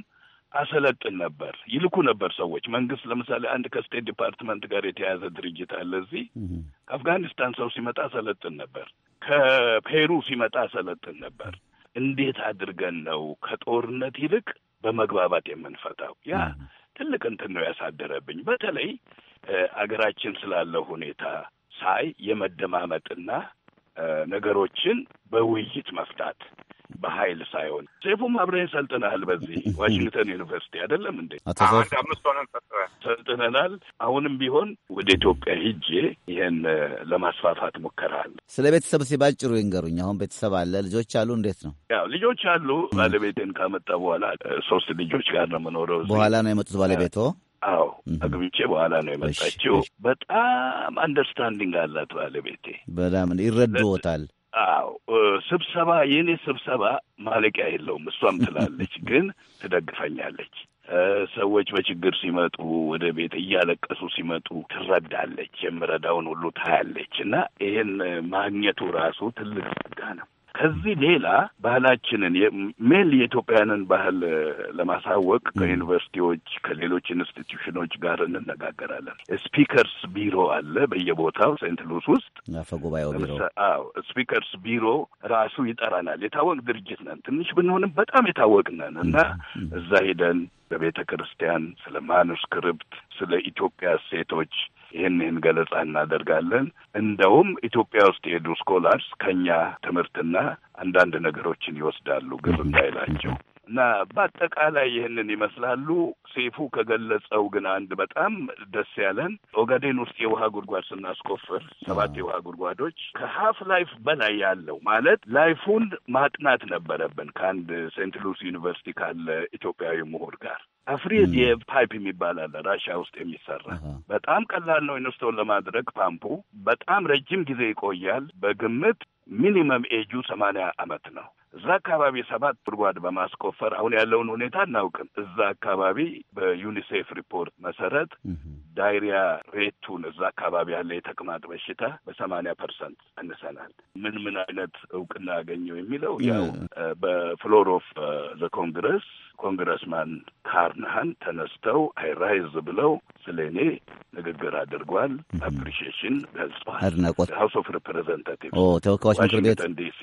አሰለጥን ነበር። ይልኩ ነበር ሰዎች። መንግስት ለምሳሌ አንድ ከስቴት ዲፓርትመንት ጋር የተያያዘ ድርጅት አለ እዚህ። ከአፍጋኒስታን ሰው ሲመጣ አሰለጥን ነበር። ከፔሩ ሲመጣ አሰለጥን ነበር። እንዴት አድርገን ነው ከጦርነት ይልቅ በመግባባት የምንፈታው? ያ ትልቅ እንትን ነው ያሳደረብኝ። በተለይ አገራችን ስላለው ሁኔታ ሳይ የመደማመጥና ነገሮችን በውይይት መፍታት በሀይል ሳይሆን ሴፉም አብረህ ሰልጥነሃል። በዚህ ዋሽንግተን ዩኒቨርሲቲ አይደለም እንዴ? አንድ አምስት ሆነን ሰልጥነናል። አሁንም ቢሆን ወደ ኢትዮጵያ ሂጄ ይህን ለማስፋፋት ሞከራል። ስለ ቤተሰብ ሲባጭሩ ይንገሩኝ። አሁን ቤተሰብ አለ፣ ልጆች አሉ። እንዴት ነው? ያው ልጆች አሉ። ባለቤቴን ካመጣ በኋላ ሶስት ልጆች ጋር ነው የምኖረው። በኋላ ነው የመጡት ባለቤቶ? አዎ አግብቼ በኋላ ነው የመጣችው። በጣም አንደርስታንዲንግ አላት ባለቤቴ። በጣም ይረድዎታል አዎ ስብሰባ የእኔ ስብሰባ ማለቂያ የለውም። እሷም ትላለች፣ ግን ትደግፈኛለች። ሰዎች በችግር ሲመጡ ወደ ቤት እያለቀሱ ሲመጡ ትረዳለች። የምረዳውን ሁሉ ታያለች እና ይህን ማግኘቱ ራሱ ትልቅ ጸጋ ነው። ከዚህ ሌላ ባህላችንን ሜል የኢትዮጵያንን ባህል ለማሳወቅ ከዩኒቨርሲቲዎች ከሌሎች ኢንስቲትዩሽኖች ጋር እንነጋገራለን። ስፒከርስ ቢሮ አለ በየቦታው ሴንት ሉስ ውስጥ አፈጉባኤው ቢሮ። አዎ ስፒከርስ ቢሮ ራሱ ይጠራናል። የታወቅ ድርጅት ነን፣ ትንሽ ብንሆንም በጣም ነን እና እዛ ሄደን በቤተ ክርስቲያን ስለ ማኑስክሪፕት ስለ ኢትዮጵያ ሴቶች ይህን ይህን ገለጻ እናደርጋለን። እንደውም ኢትዮጵያ ውስጥ የሄዱ ስኮላርስ ከኛ ትምህርትና አንዳንድ ነገሮችን ይወስዳሉ ግር እንዳይላቸው እና በአጠቃላይ ይህንን ይመስላሉ። ሴፉ ከገለጸው ግን አንድ በጣም ደስ ያለን ኦጋዴን ውስጥ የውሃ ጉድጓድ ስናስቆፍር ሰባት የውሃ ጉድጓዶች ከሀፍ ላይፍ በላይ ያለው ማለት ላይፉን ማጥናት ነበረብን ከአንድ ሴንት ሉስ ዩኒቨርሲቲ ካለ ኢትዮጵያዊ ምሁር ጋር አፍሪ የፓይፕ የሚባል አለ ራሽያ ውስጥ የሚሰራ በጣም ቀላል ነው። ኢንስቶል ለማድረግ ፓምፑ በጣም ረጅም ጊዜ ይቆያል። በግምት ሚኒመም ኤጁ ሰማንያ አመት ነው። እዛ አካባቢ ሰባት ጉድጓድ በማስቆፈር አሁን ያለውን ሁኔታ አናውቅም። እዛ አካባቢ በዩኒሴፍ ሪፖርት መሰረት ዳይሪያ ሬቱን እዛ አካባቢ ያለ የተቅማጥ በሽታ በሰማንያ ፐርሰንት ቀንሰናል። ምን ምን አይነት እውቅና ያገኘው የሚለው ያው በፍሎር ኦፍ ዘ ኮንግረስ ኮንግረስማን ካርናሃን ተነስተው አይራይዝ ብለው ስለ እኔ ንግግር አድርጓል። አፕሪሺዬሽን ገልጸዋል። አድናቆት ሀውስ ኦፍ ሪፕሬዘንታቲቭ ተወካዮች ምክር ቤት ዲሲ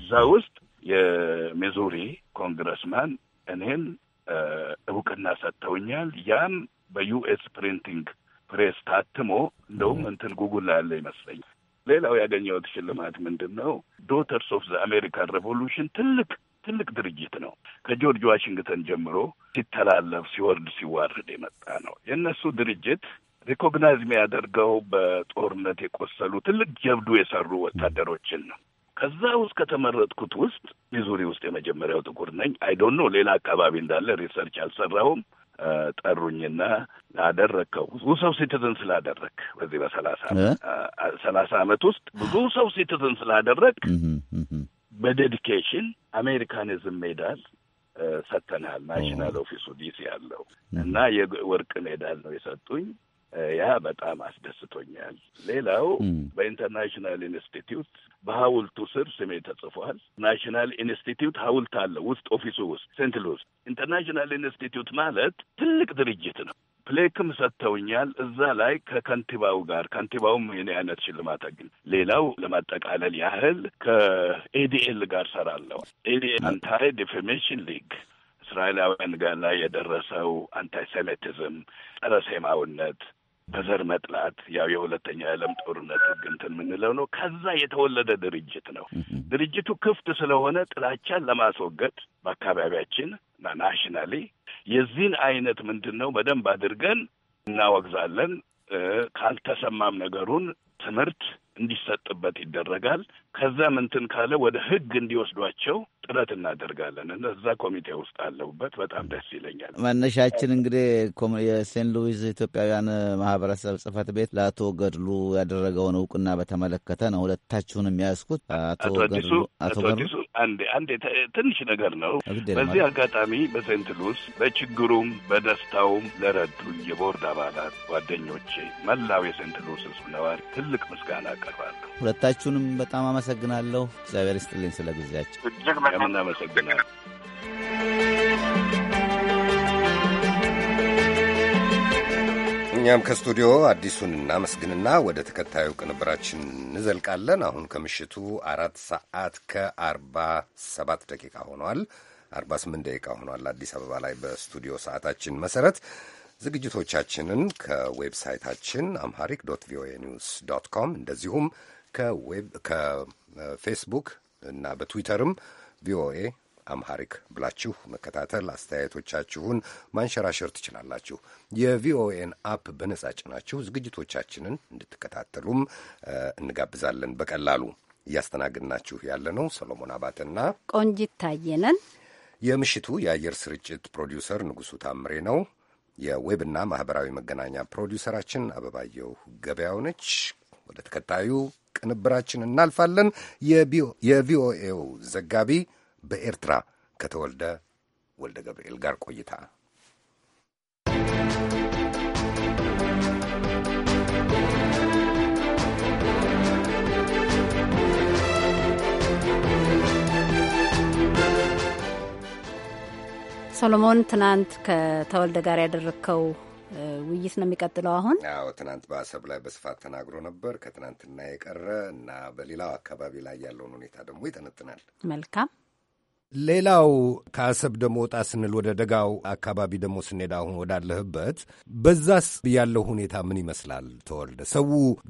እዛ ውስጥ የሚዙሪ ኮንግረስማን እኔን እውቅና ሰጥተውኛል። ያም በዩኤስ ፕሪንቲንግ ፕሬስ ታትሞ እንደውም እንትን ጉጉል ያለ ይመስለኛል። ሌላው ያገኘሁት ሽልማት ምንድን ነው? ዶተርስ ኦፍ ዘ አሜሪካን ሬቮሉሽን ትልቅ ትልቅ ድርጅት ነው። ከጆርጅ ዋሽንግተን ጀምሮ ሲተላለፍ ሲወርድ ሲዋርድ የመጣ ነው። የእነሱ ድርጅት ሪኮግናይዝ የሚያደርገው በጦርነት የቆሰሉ ትልቅ ጀብዱ የሰሩ ወታደሮችን ነው። ከዛ ውስጥ ከተመረጥኩት ውስጥ ሚዙሪ ውስጥ የመጀመሪያው ጥቁር ነኝ። አይዶኖ ሌላ አካባቢ እንዳለ ሪሰርች አልሰራሁም። ጠሩኝና ላደረግከው ብዙ ሰው ሲቲዝን ስላደረግ በዚህ በሰላሳ ሰላሳ አመት ውስጥ ብዙ ሰው ሲቲዝን ስላደረግ በዴዲኬሽን አሜሪካኒዝም ሜዳል ሰጥተናል። ናሽናል ኦፊሱ ዲሲ ያለው እና የወርቅ ሜዳል ነው የሰጡኝ። ያ በጣም አስደስቶኛል። ሌላው በኢንተርናሽናል ኢንስቲትዩት በሀውልቱ ስር ስሜ ተጽፏል። ናሽናል ኢንስቲትዩት ሀውልት አለ ውስጥ ኦፊሱ ውስጥ ሴንት ሉዊስ። ኢንተርናሽናል ኢንስቲትዩት ማለት ትልቅ ድርጅት ነው። ፕሌክም ሰጥተውኛል እዛ ላይ ከከንቲባው ጋር ከንቲባውም የኔ አይነት ሽልማት ግን ሌላው ለማጠቃለል ያህል ከኤዲኤል ጋር ሰራለሁ። ኤዲኤል አንታይ ዲፌሜሽን ሊግ እስራኤላውያን ጋር ላይ የደረሰው አንታይሴሜቲዝም ጸረ ሴማዊነት በዘር መጥላት ያው የሁለተኛ የዓለም ጦርነት ህግ እንትን የምንለው ነው። ከዛ የተወለደ ድርጅት ነው። ድርጅቱ ክፍት ስለሆነ ጥላቻን ለማስወገድ በአካባቢያችን ናሽናሊ የዚህን አይነት ምንድን ነው በደንብ አድርገን እናወግዛለን። ካልተሰማም ነገሩን ትምህርት እንዲሰጥበት ይደረጋል። ከዛም እንትን ካለ ወደ ህግ እንዲወስዷቸው ጥረት እናደርጋለን። እዛ ኮሚቴ ውስጥ አለሁበት። በጣም ደስ ይለኛል። መነሻችን እንግዲህ የሴንት ሉዊዝ ኢትዮጵያውያን ማህበረሰብ ጽህፈት ቤት ለአቶ ገድሉ ያደረገውን እውቅና በተመለከተ ነው ሁለታችሁን የሚያስኩት። አቶ ገድሉ አቶ አዲሱ አንዴ አንዴ ትንሽ ነገር ነው። በዚህ አጋጣሚ በሴንት ሉዊስ በችግሩም በደስታውም ለረዱ የቦርድ አባላት ጓደኞቼ፣ መላው የሴንት ሉዊስ ነዋሪ ትልቅ ምስጋና አቀርባለሁ። ሁለታችሁንም በጣም አመሰግናለሁ። እግዚአብሔር ይስጥልኝ ስለ ጊዜያቸው እጅግ እኛም ከስቱዲዮ አዲሱን እናመስግንና ወደ ተከታዩ ቅንብራችን እንዘልቃለን። አሁን ከምሽቱ አራት ሰዓት ከአርባ ሰባት ደቂቃ ሆኗል። አርባ ስምንት ደቂቃ ሆኗል። አዲስ አበባ ላይ በስቱዲዮ ሰዓታችን መሰረት ዝግጅቶቻችንን ከዌብሳይታችን አምሃሪክ ዶት ቪኦኤ ኒውስ ዶት ኮም እንደዚሁም ከፌስቡክ እና በትዊተርም ቪኦኤ አምሃሪክ ብላችሁ መከታተል አስተያየቶቻችሁን ማንሸራሸር ትችላላችሁ። የቪኦኤን አፕ በነጻ ጭናችሁ ዝግጅቶቻችንን እንድትከታተሉም እንጋብዛለን። በቀላሉ እያስተናግድናችሁ ያለ ነው ሰሎሞን አባትና ቆንጂት ታየነን። የምሽቱ የአየር ስርጭት ፕሮዲውሰር ንጉሱ ታምሬ ነው። የዌብና ማህበራዊ መገናኛ ፕሮዲውሰራችን አበባየሁ ገበያው ነች። ወደ ተከታዩ ቅንብራችን እናልፋለን። የቪኦኤው ዘጋቢ በኤርትራ ከተወልደ ወልደ ገብርኤል ጋር ቆይታ ሰሎሞን፣ ትናንት ከተወልደ ጋር ያደረግከው ውይይት ነው የሚቀጥለው። አሁን አዎ፣ ትናንት በአሰብ ላይ በስፋት ተናግሮ ነበር። ከትናንትና የቀረ እና በሌላው አካባቢ ላይ ያለውን ሁኔታ ደግሞ ይተነትናል። መልካም። ሌላው ከአሰብ ደግሞ ወጣ ስንል ወደ ደጋው አካባቢ ደግሞ ስንሄድ አሁን ወዳለህበት በዛስ ያለው ሁኔታ ምን ይመስላል? ተወልደ ሰው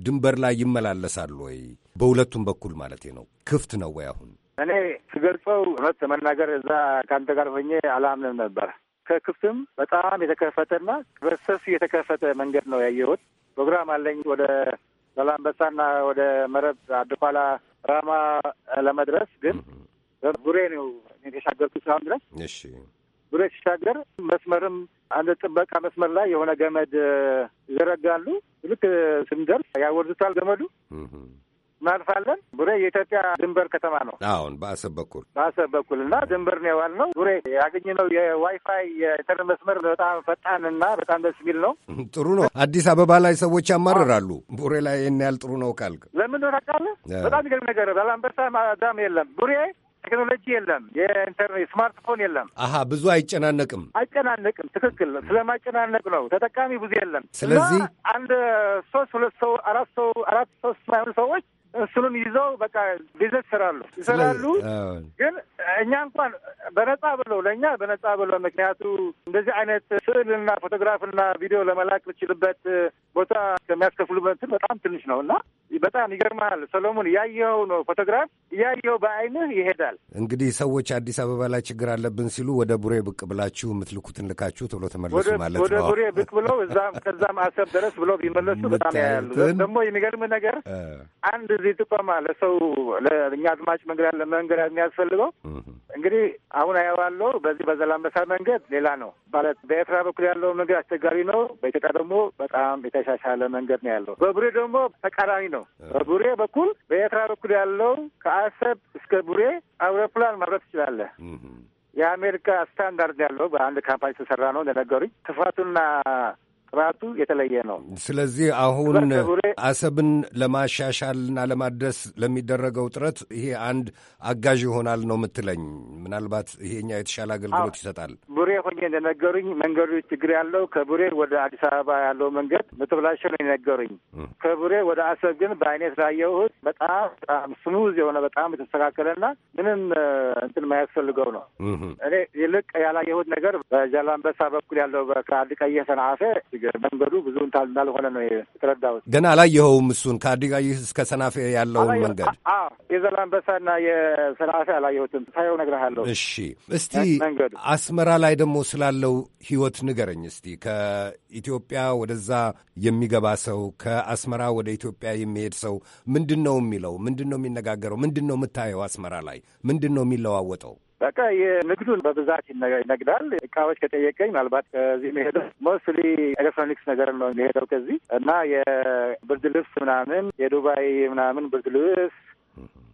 ድንበር ላይ ይመላለሳል ወይ? በሁለቱም በኩል ማለት ነው። ክፍት ነው ወይ? አሁን እኔ ስገልጸው እውነት መናገር እዛ ከአንተ ጋር ሆኜ አላምንም ነበር ከክፍትም በጣም የተከፈተና በሰፊ የተከፈተ መንገድ ነው ያየሁት። ፕሮግራም አለኝ ወደ ዛላምበሳና ወደ መረብ አድኳላ ራማ ለመድረስ ግን ቡሬ ነው የተሻገርኩት። አሁን ድረስ እሺ፣ ቡሬ ሲሻገር መስመርም አንድ ጥበቃ መስመር ላይ የሆነ ገመድ ይዘረጋሉ። ልክ ስንደርስ ያወርዱታል ገመዱ ማልፋለን። ቡሬ የኢትዮጵያ ድንበር ከተማ ነው። አሁን በአሰብ በኩል በአሰብ በኩል እና ድንበር ነው የዋል ነው ቡሬ ያገኘ ነው። የዋይፋይ የኢንተርኔት መስመር በጣም ፈጣን እና በጣም ደስ የሚል ነው። ጥሩ ነው። አዲስ አበባ ላይ ሰዎች ያማርራሉ። ቡሬ ላይ ይህን ያህል ጥሩ ነው ካልክ ለምን ነው ታውቃለህ? በጣም ይገርም ነገር ላምበሳ ማዳም የለም ቡሬ ቴክኖሎጂ የለም። የኢንተርኔት ስማርትፎን የለም። አሀ ብዙ አይጨናነቅም አይጨናነቅም። ትክክል ስለማይጨናነቅ ነው ተጠቃሚ ብዙ የለም። ስለዚህ አንድ ሶስት ሁለት ሰው አራት ሰው አራት ሶስት ማይሆን ሰዎች እሱንም ይዘው በቃ ቢዝነስ ይሰራሉ ይሰራሉ። ግን እኛ እንኳን በነጻ ብለው ለእኛ በነጻ ብለው ምክንያቱ እንደዚህ አይነት ስዕልና ፎቶግራፍና ቪዲዮ ለመላክ ልችልበት ቦታ ከሚያስከፍሉበትን በጣም ትንሽ ነው እና በጣም ይገርመሃል ሰሎሞን፣ ያየኸው ነው ፎቶግራፍ ያየኸው በአይንህ ይሄዳል። እንግዲህ ሰዎች አዲስ አበባ ላይ ችግር አለብን ሲሉ ወደ ቡሬ ብቅ ብላችሁ የምትልኩትን ልካችሁ ቶሎ ተመለሱ ማለት ነው። ወደ ቡሬ ብቅ ብለው እዛም ከዛም አሰብ ድረስ ብሎ ቢመለሱ በጣም ያያሉ። ደግሞ የሚገርም ነገር አንድ እዚህ ጥቆማ ለሰው ለእኛ አድማጭ መንገድ ለመንገድ የሚያስፈልገው እንግዲህ አሁን አየዋለሁ በዚህ በዘላንበሳ መንገድ ሌላ ነው ማለት በኤርትራ በኩል ያለው መንገድ አስቸጋሪ ነው። በኢትዮጵያ ደግሞ በጣም የተሻሻለ መንገድ ነው ያለው። በቡሬ ደግሞ ተቃራኒ ነው። ነው። በቡሬ በኩል በኤርትራ በኩል ያለው ከአሰብ እስከ ቡሬ አውሮፕላን ማብረት ትችላለህ። የአሜሪካ ስታንዳርድ ያለው በአንድ ካምፓኒ ተሰራ ነው እንደነገሩኝ። ስፋቱና ጥራቱ የተለየ ነው። ስለዚህ አሁን አሰብን ለማሻሻልና ለማድረስ ለሚደረገው ጥረት ይሄ አንድ አጋዥ ይሆናል ነው የምትለኝ? ምናልባት ይሄኛ የተሻለ አገልግሎት ይሰጣል። ቡሬ ሆኜ እንደነገሩኝ መንገዱ ችግር ያለው ከቡሬ ወደ አዲስ አበባ ያለው መንገድ በተበላሸ ነው የነገሩኝ። ከቡሬ ወደ አሰብ ግን በአይነት ስላየሁት በጣም በጣም ስሙዝ የሆነ በጣም የተስተካከለና ምንም እንትን ማያስፈልገው ነው። እኔ ይልቅ ያላየሁት ነገር በጃላንበሳ በኩል ያለው ከአዲቀየ ሰንአፌ ነገር መንገዱ ብዙ እንታል እንዳልሆነ ነው የተረዳሁት። ገና አላየኸውም? እሱን ከአዲጋይህ እስከ ሰናፌ ያለውን መንገድ የዘላንበሳና የሰናፌ አላየሁትም። ሳየው እነግርሃለሁ። እሺ፣ እስቲ አስመራ ላይ ደግሞ ስላለው ህይወት ንገረኝ እስቲ። ከኢትዮጵያ ወደዛ የሚገባ ሰው፣ ከአስመራ ወደ ኢትዮጵያ የሚሄድ ሰው ምንድን ነው የሚለው? ምንድን ነው የሚነጋገረው? ምንድን ነው የምታየው? አስመራ ላይ ምንድን ነው የሚለዋወጠው? በቃ የንግዱን በብዛት ይነግዳል። እቃዎች ከጠየቀኝ ምናልባት ከዚህ መሄደው ሞስሊ ኤሌክትሮኒክስ ነገር ነው የሚሄደው ከዚህ እና የብርድ ልብስ ምናምን የዱባይ ምናምን ብርድ ልብስ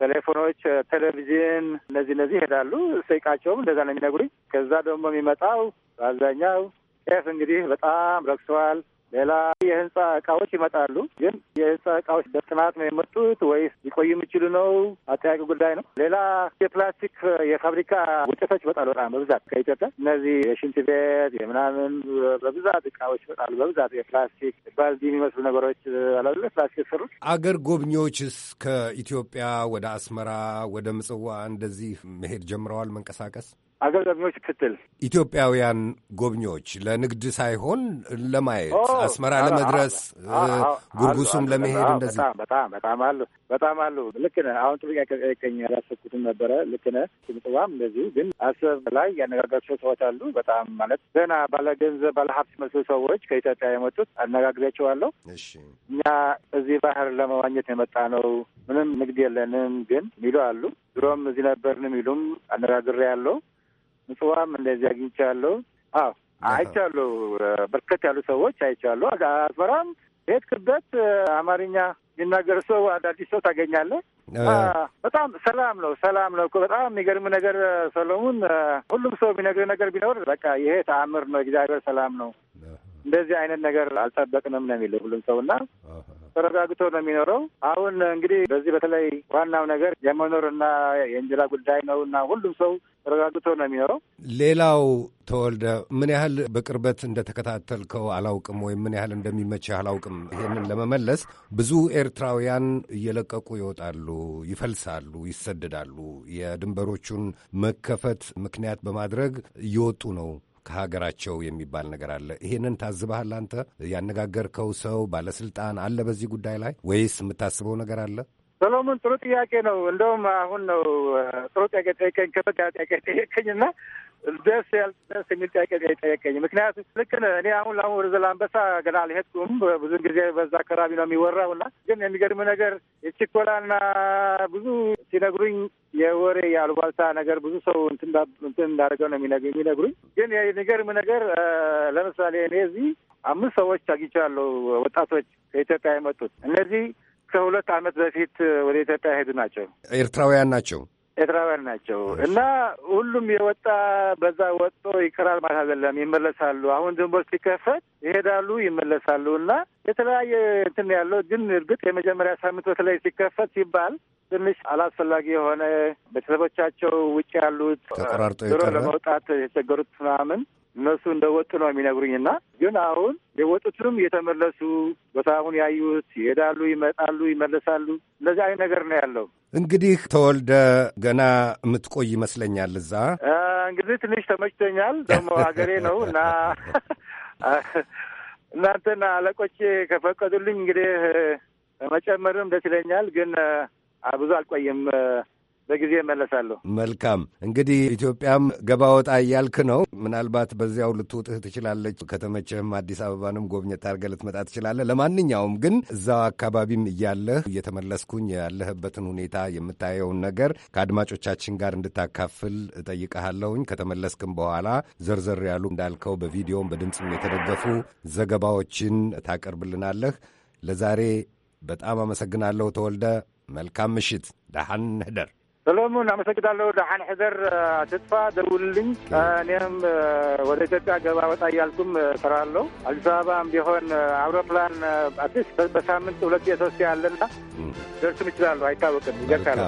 ቴሌፎኖች፣ ቴሌቪዥን እነዚህ እነዚህ ይሄዳሉ። እቃቸውም እንደዛ ነው የሚነግሩኝ። ከዛ ደግሞ የሚመጣው በአብዛኛው ጤፍ እንግዲህ በጣም ረክሰዋል። ሌላ የህንፃ እቃዎች ይመጣሉ። ግን የህንፃ እቃዎች በጥናት ነው የመጡት ወይስ ሊቆዩ የሚችሉ ነው? አጠያቂ ጉዳይ ነው። ሌላ የፕላስቲክ የፋብሪካ ውጤቶች ይመጣሉ በጣም በብዛት ከኢትዮጵያ። እነዚህ የሽንት ቤት የምናምን በብዛት እቃዎች ይመጣሉ። በብዛት የፕላስቲክ ባልዲ የሚመስሉ ነገሮች አላለ ፕላስቲክ ስሩ። አገር ጎብኚዎችስ ከኢትዮጵያ ወደ አስመራ ወደ ምጽዋ እንደዚህ መሄድ ጀምረዋል መንቀሳቀስ አገልጋኞች ክትል ኢትዮጵያውያን ጎብኚዎች ለንግድ ሳይሆን ለማየት አስመራ ለመድረስ ጉርጉሱም ለመሄድ እንደዚህ በጣም በጣም አሉ በጣም አሉ። ልክ ነህ። አሁን ጥያቄ ጠየቀኝ፣ ያላሰብኩትም ነበረ። ልክ ነህ። እንደዚሁ ግን አሰብ ላይ ያነጋገርቸው ሰዎች አሉ። በጣም ማለት ገና ባለገንዘብ ባለሀብት መስሉ ሰዎች ከኢትዮጵያ የመጡት አነጋግሬያቸዋለሁ። እኛ እዚህ ባህር ለመዋኘት የመጣ ነው፣ ምንም ንግድ የለንም ግን ሚሉ አሉ። ድሮም እዚህ ነበርን የሚሉም አነጋግሬ ያለው ምጽዋም እንደዚህ አግኝቻለሁ። አዎ አይቻሉ፣ በርከት ያሉ ሰዎች አይቻሉ። አስመራም ሄድክበት አማርኛ የሚናገር ሰው አዳዲስ ሰው ታገኛለህ። በጣም ሰላም ነው፣ ሰላም ነው። በጣም የሚገርም ነገር ሰሎሞን፣ ሁሉም ሰው የሚነግር ነገር ቢኖር በቃ ይሄ ተአምር ነው፣ እግዚአብሔር ሰላም ነው እንደዚህ አይነት ነገር አልጠበቅንም ነው የሚለው ሁሉም ሰው እና ተረጋግቶ ነው የሚኖረው። አሁን እንግዲህ በዚህ በተለይ ዋናው ነገር የመኖርና የእንጀራ ጉዳይ ነው እና ሁሉም ሰው ተረጋግቶ ነው የሚኖረው። ሌላው ተወልደ ምን ያህል በቅርበት እንደተከታተልከው አላውቅም፣ ወይም ምን ያህል እንደሚመችህ አላውቅም። ይህንን ለመመለስ ብዙ ኤርትራውያን እየለቀቁ ይወጣሉ፣ ይፈልሳሉ፣ ይሰደዳሉ። የድንበሮቹን መከፈት ምክንያት በማድረግ እየወጡ ነው ከሀገራቸው የሚባል ነገር አለ። ይሄንን ታዝበሃል አንተ? ያነጋገርከው ሰው ባለስልጣን አለ በዚህ ጉዳይ ላይ ወይስ የምታስበው ነገር አለ? ሰሎሞን ጥሩ ጥያቄ ነው። እንደውም አሁን ነው ጥሩ ጥያቄ ጠየቀኝ። ከበድ ያለ ጥያቄ ጠየቀኝ እና ደስ ያል ደስ የሚል ጥያቄ ጠየቀኝ። ምክንያቱም ልክ እኔ አሁን ለአሁን ወደ ዘላንበሳ ገና አልሄድኩም። ብዙ ጊዜ በዛ አካባቢ ነው የሚወራው እና ግን የሚገርም ነገር የችኮላና ብዙ ሲነግሩኝ የወሬ የአሉባልታ ነገር ብዙ ሰው እንትን እንዳደርገው ነው የሚነግሩኝ። ግን የሚገርም ነገር ለምሳሌ እኔ እዚህ አምስት ሰዎች አግኝቻለሁ፣ ወጣቶች ከኢትዮጵያ የመጡት እነዚህ ከሁለት ዓመት በፊት ወደ ኢትዮጵያ ሄዱ ናቸው። ኤርትራውያን ናቸው። ኤርትራውያን ናቸው እና ሁሉም የወጣ በዛ ወጥቶ ይቀራል ማለት አይደለም። ይመለሳሉ። አሁን ድንበር ሲከፈት ይሄዳሉ፣ ይመለሳሉ እና የተለያየ እንትን ያለው ግን እርግጥ የመጀመሪያ ሳምንት በተለይ ሲከፈት ሲባል ትንሽ አላስፈላጊ የሆነ ቤተሰቦቻቸው ውጭ ያሉት ድሮ ለመውጣት የቸገሩት ምናምን እነሱ እንደወጡ ነው የሚነግሩኝ እና ግን አሁን የወጡትም የተመለሱ ቦታውን ያዩት ይሄዳሉ፣ ይመጣሉ፣ ይመለሳሉ። እንደዚህ አይነት ነገር ነው ያለው። እንግዲህ ተወልደ ገና የምትቆይ ይመስለኛል። እዛ እንግዲህ ትንሽ ተመችቶኛል። ደግሞ ሀገሬ ነው እና እናንተና አለቆቼ ከፈቀዱልኝ እንግዲህ መጨመርም ደስ ይለኛል። ግን ብዙ አልቆይም። በጊዜ እመለሳለሁ። መልካም እንግዲህ ኢትዮጵያም ገባ ወጣ እያልክ ነው። ምናልባት በዚያው ልትውጥህ ትችላለች። ከተመቸህም አዲስ አበባንም ጎብኘት አድርገህ ልትመጣ ትችላለህ። ለማንኛውም ግን እዛው አካባቢም እያለህ እየተመለስኩኝ ያለህበትን ሁኔታ የምታየውን ነገር ከአድማጮቻችን ጋር እንድታካፍል እጠይቀሃለሁኝ። ከተመለስክም በኋላ ዘርዘር ያሉ እንዳልከው በቪዲዮም በድምፅም የተደገፉ ዘገባዎችን ታቀርብልናለህ። ለዛሬ በጣም አመሰግናለሁ ተወልደ። መልካም ምሽት። ደህና ህደር ሰሎሞን አመሰግናለሁ። ለሓን ሕደር ተጥፋ ደውልልኝ። እኔም ወደ ኢትዮጵያ ገባ ወጣ እያልኩም ሰራለሁ። አዲስ አበባም ቢሆን አውሮፕላን አዲስ በሳምንት ሁለት የሶስት ያለና ደርስም ይችላሉ። አይታወቅም ይገርካለ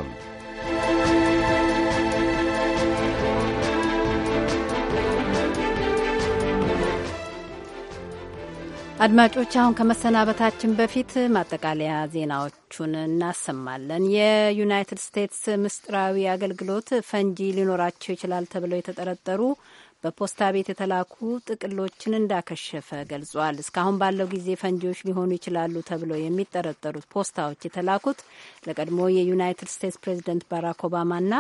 አድማጮች አሁን ከመሰናበታችን በፊት ማጠቃለያ ዜናዎቹን እናሰማለን። የዩናይትድ ስቴትስ ምስጢራዊ አገልግሎት ፈንጂ ሊኖራቸው ይችላል ተብለው የተጠረጠሩ በፖስታ ቤት የተላኩ ጥቅሎችን እንዳከሸፈ ገልጿል። እስካሁን ባለው ጊዜ ፈንጂዎች ሊሆኑ ይችላሉ ተብለው የሚጠረጠሩት ፖስታዎች የተላኩት ለቀድሞ የዩናይትድ ስቴትስ ፕሬዚደንት ባራክ ኦባማና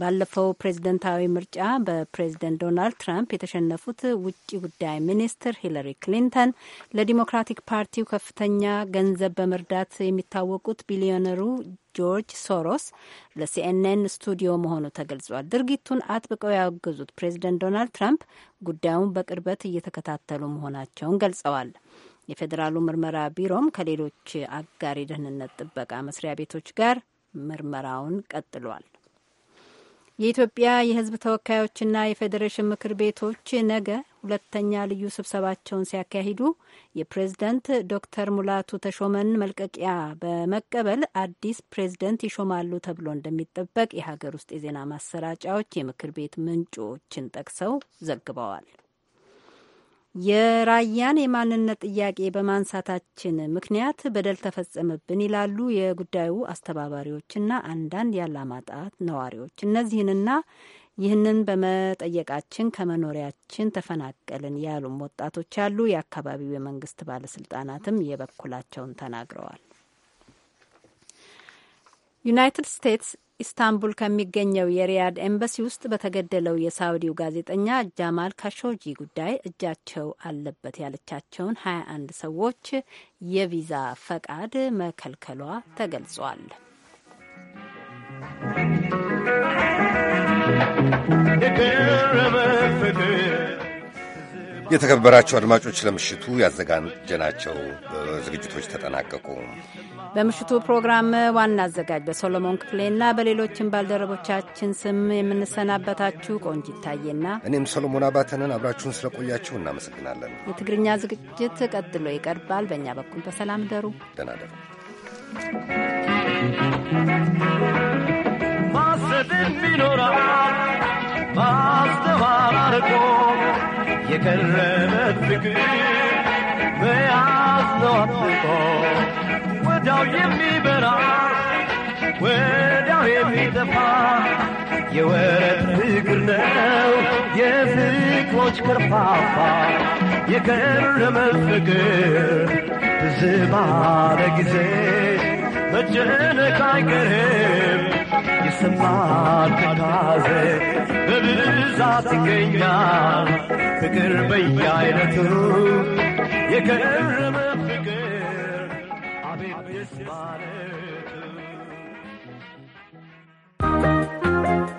ባለፈው ፕሬዝደንታዊ ምርጫ በፕሬዝደንት ዶናልድ ትራምፕ የተሸነፉት ውጭ ጉዳይ ሚኒስትር ሂለሪ ክሊንተን ለዲሞክራቲክ ፓርቲው ከፍተኛ ገንዘብ በመርዳት የሚታወቁት ቢሊዮነሩ ጆርጅ ሶሮስ ለሲኤንኤን ስቱዲዮ መሆኑ ተገልጿል። ድርጊቱን አጥብቀው ያወገዙት ፕሬዝደንት ዶናልድ ትራምፕ ጉዳዩን በቅርበት እየተከታተሉ መሆናቸውን ገልጸዋል። የፌዴራሉ ምርመራ ቢሮም ከሌሎች አጋር የደህንነት ጥበቃ መስሪያ ቤቶች ጋር ምርመራውን ቀጥሏል። የኢትዮጵያ የሕዝብ ተወካዮችና የፌዴሬሽን ምክር ቤቶች ነገ ሁለተኛ ልዩ ስብሰባቸውን ሲያካሂዱ የፕሬዝደንት ዶክተር ሙላቱ ተሾመን መልቀቂያ በመቀበል አዲስ ፕሬዝደንት ይሾማሉ ተብሎ እንደሚጠበቅ የሀገር ውስጥ የዜና ማሰራጫዎች የምክር ቤት ምንጮችን ጠቅሰው ዘግበዋል። የራያን የማንነት ጥያቄ በማንሳታችን ምክንያት በደል ተፈጸመብን ይላሉ የጉዳዩ አስተባባሪዎችና አንዳንድ የአላማጣ ነዋሪዎች። እነዚህንና ይህንን በመጠየቃችን ከመኖሪያችን ተፈናቀልን ያሉም ወጣቶች አሉ። የአካባቢው የመንግስት ባለስልጣናትም የበኩላቸውን ተናግረዋል። ዩናይትድ ስቴትስ ኢስታንቡል ከሚገኘው የሪያድ ኤምባሲ ውስጥ በተገደለው የሳውዲው ጋዜጠኛ ጃማል ካሾጂ ጉዳይ እጃቸው አለበት ያለቻቸውን 21 ሰዎች የቪዛ ፈቃድ መከልከሏ ተገልጿል። የተከበራቸው አድማጮች ለምሽቱ ያዘጋጀናቸው ዝግጅቶች ተጠናቀቁ። በምሽቱ ፕሮግራም ዋና አዘጋጅ በሶሎሞን ክፍሌና በሌሎችም ባልደረቦቻችን ስም የምንሰናበታችሁ ቆንጅ ይታየና እኔም ሶሎሞን አባተንን አብራችሁን ስለቆያችሁ እናመሰግናለን። የትግርኛ ዝግጅት ቀጥሎ ይቀርባል። በእኛ በኩል በሰላም ደሩ ደናደሩ ማሰብ የሚኖራ ማስተባራርቆ የከረመ ፍቅር በያዝነው አጥቆ ወዳው የሚበራ ወዳው የሚጠፋ የወረት ፍቅር ነው የፍቅሮች ከርፋፋ የከረመ ፍቅር ትዝ ባለ ጊዜ መጨነቅ አይቀርም የሰማል ትካዜ በብዛት ይገኛል ፍቅር በየአይነቱ የከረመ ፍቅር አቤት ደስ ማለት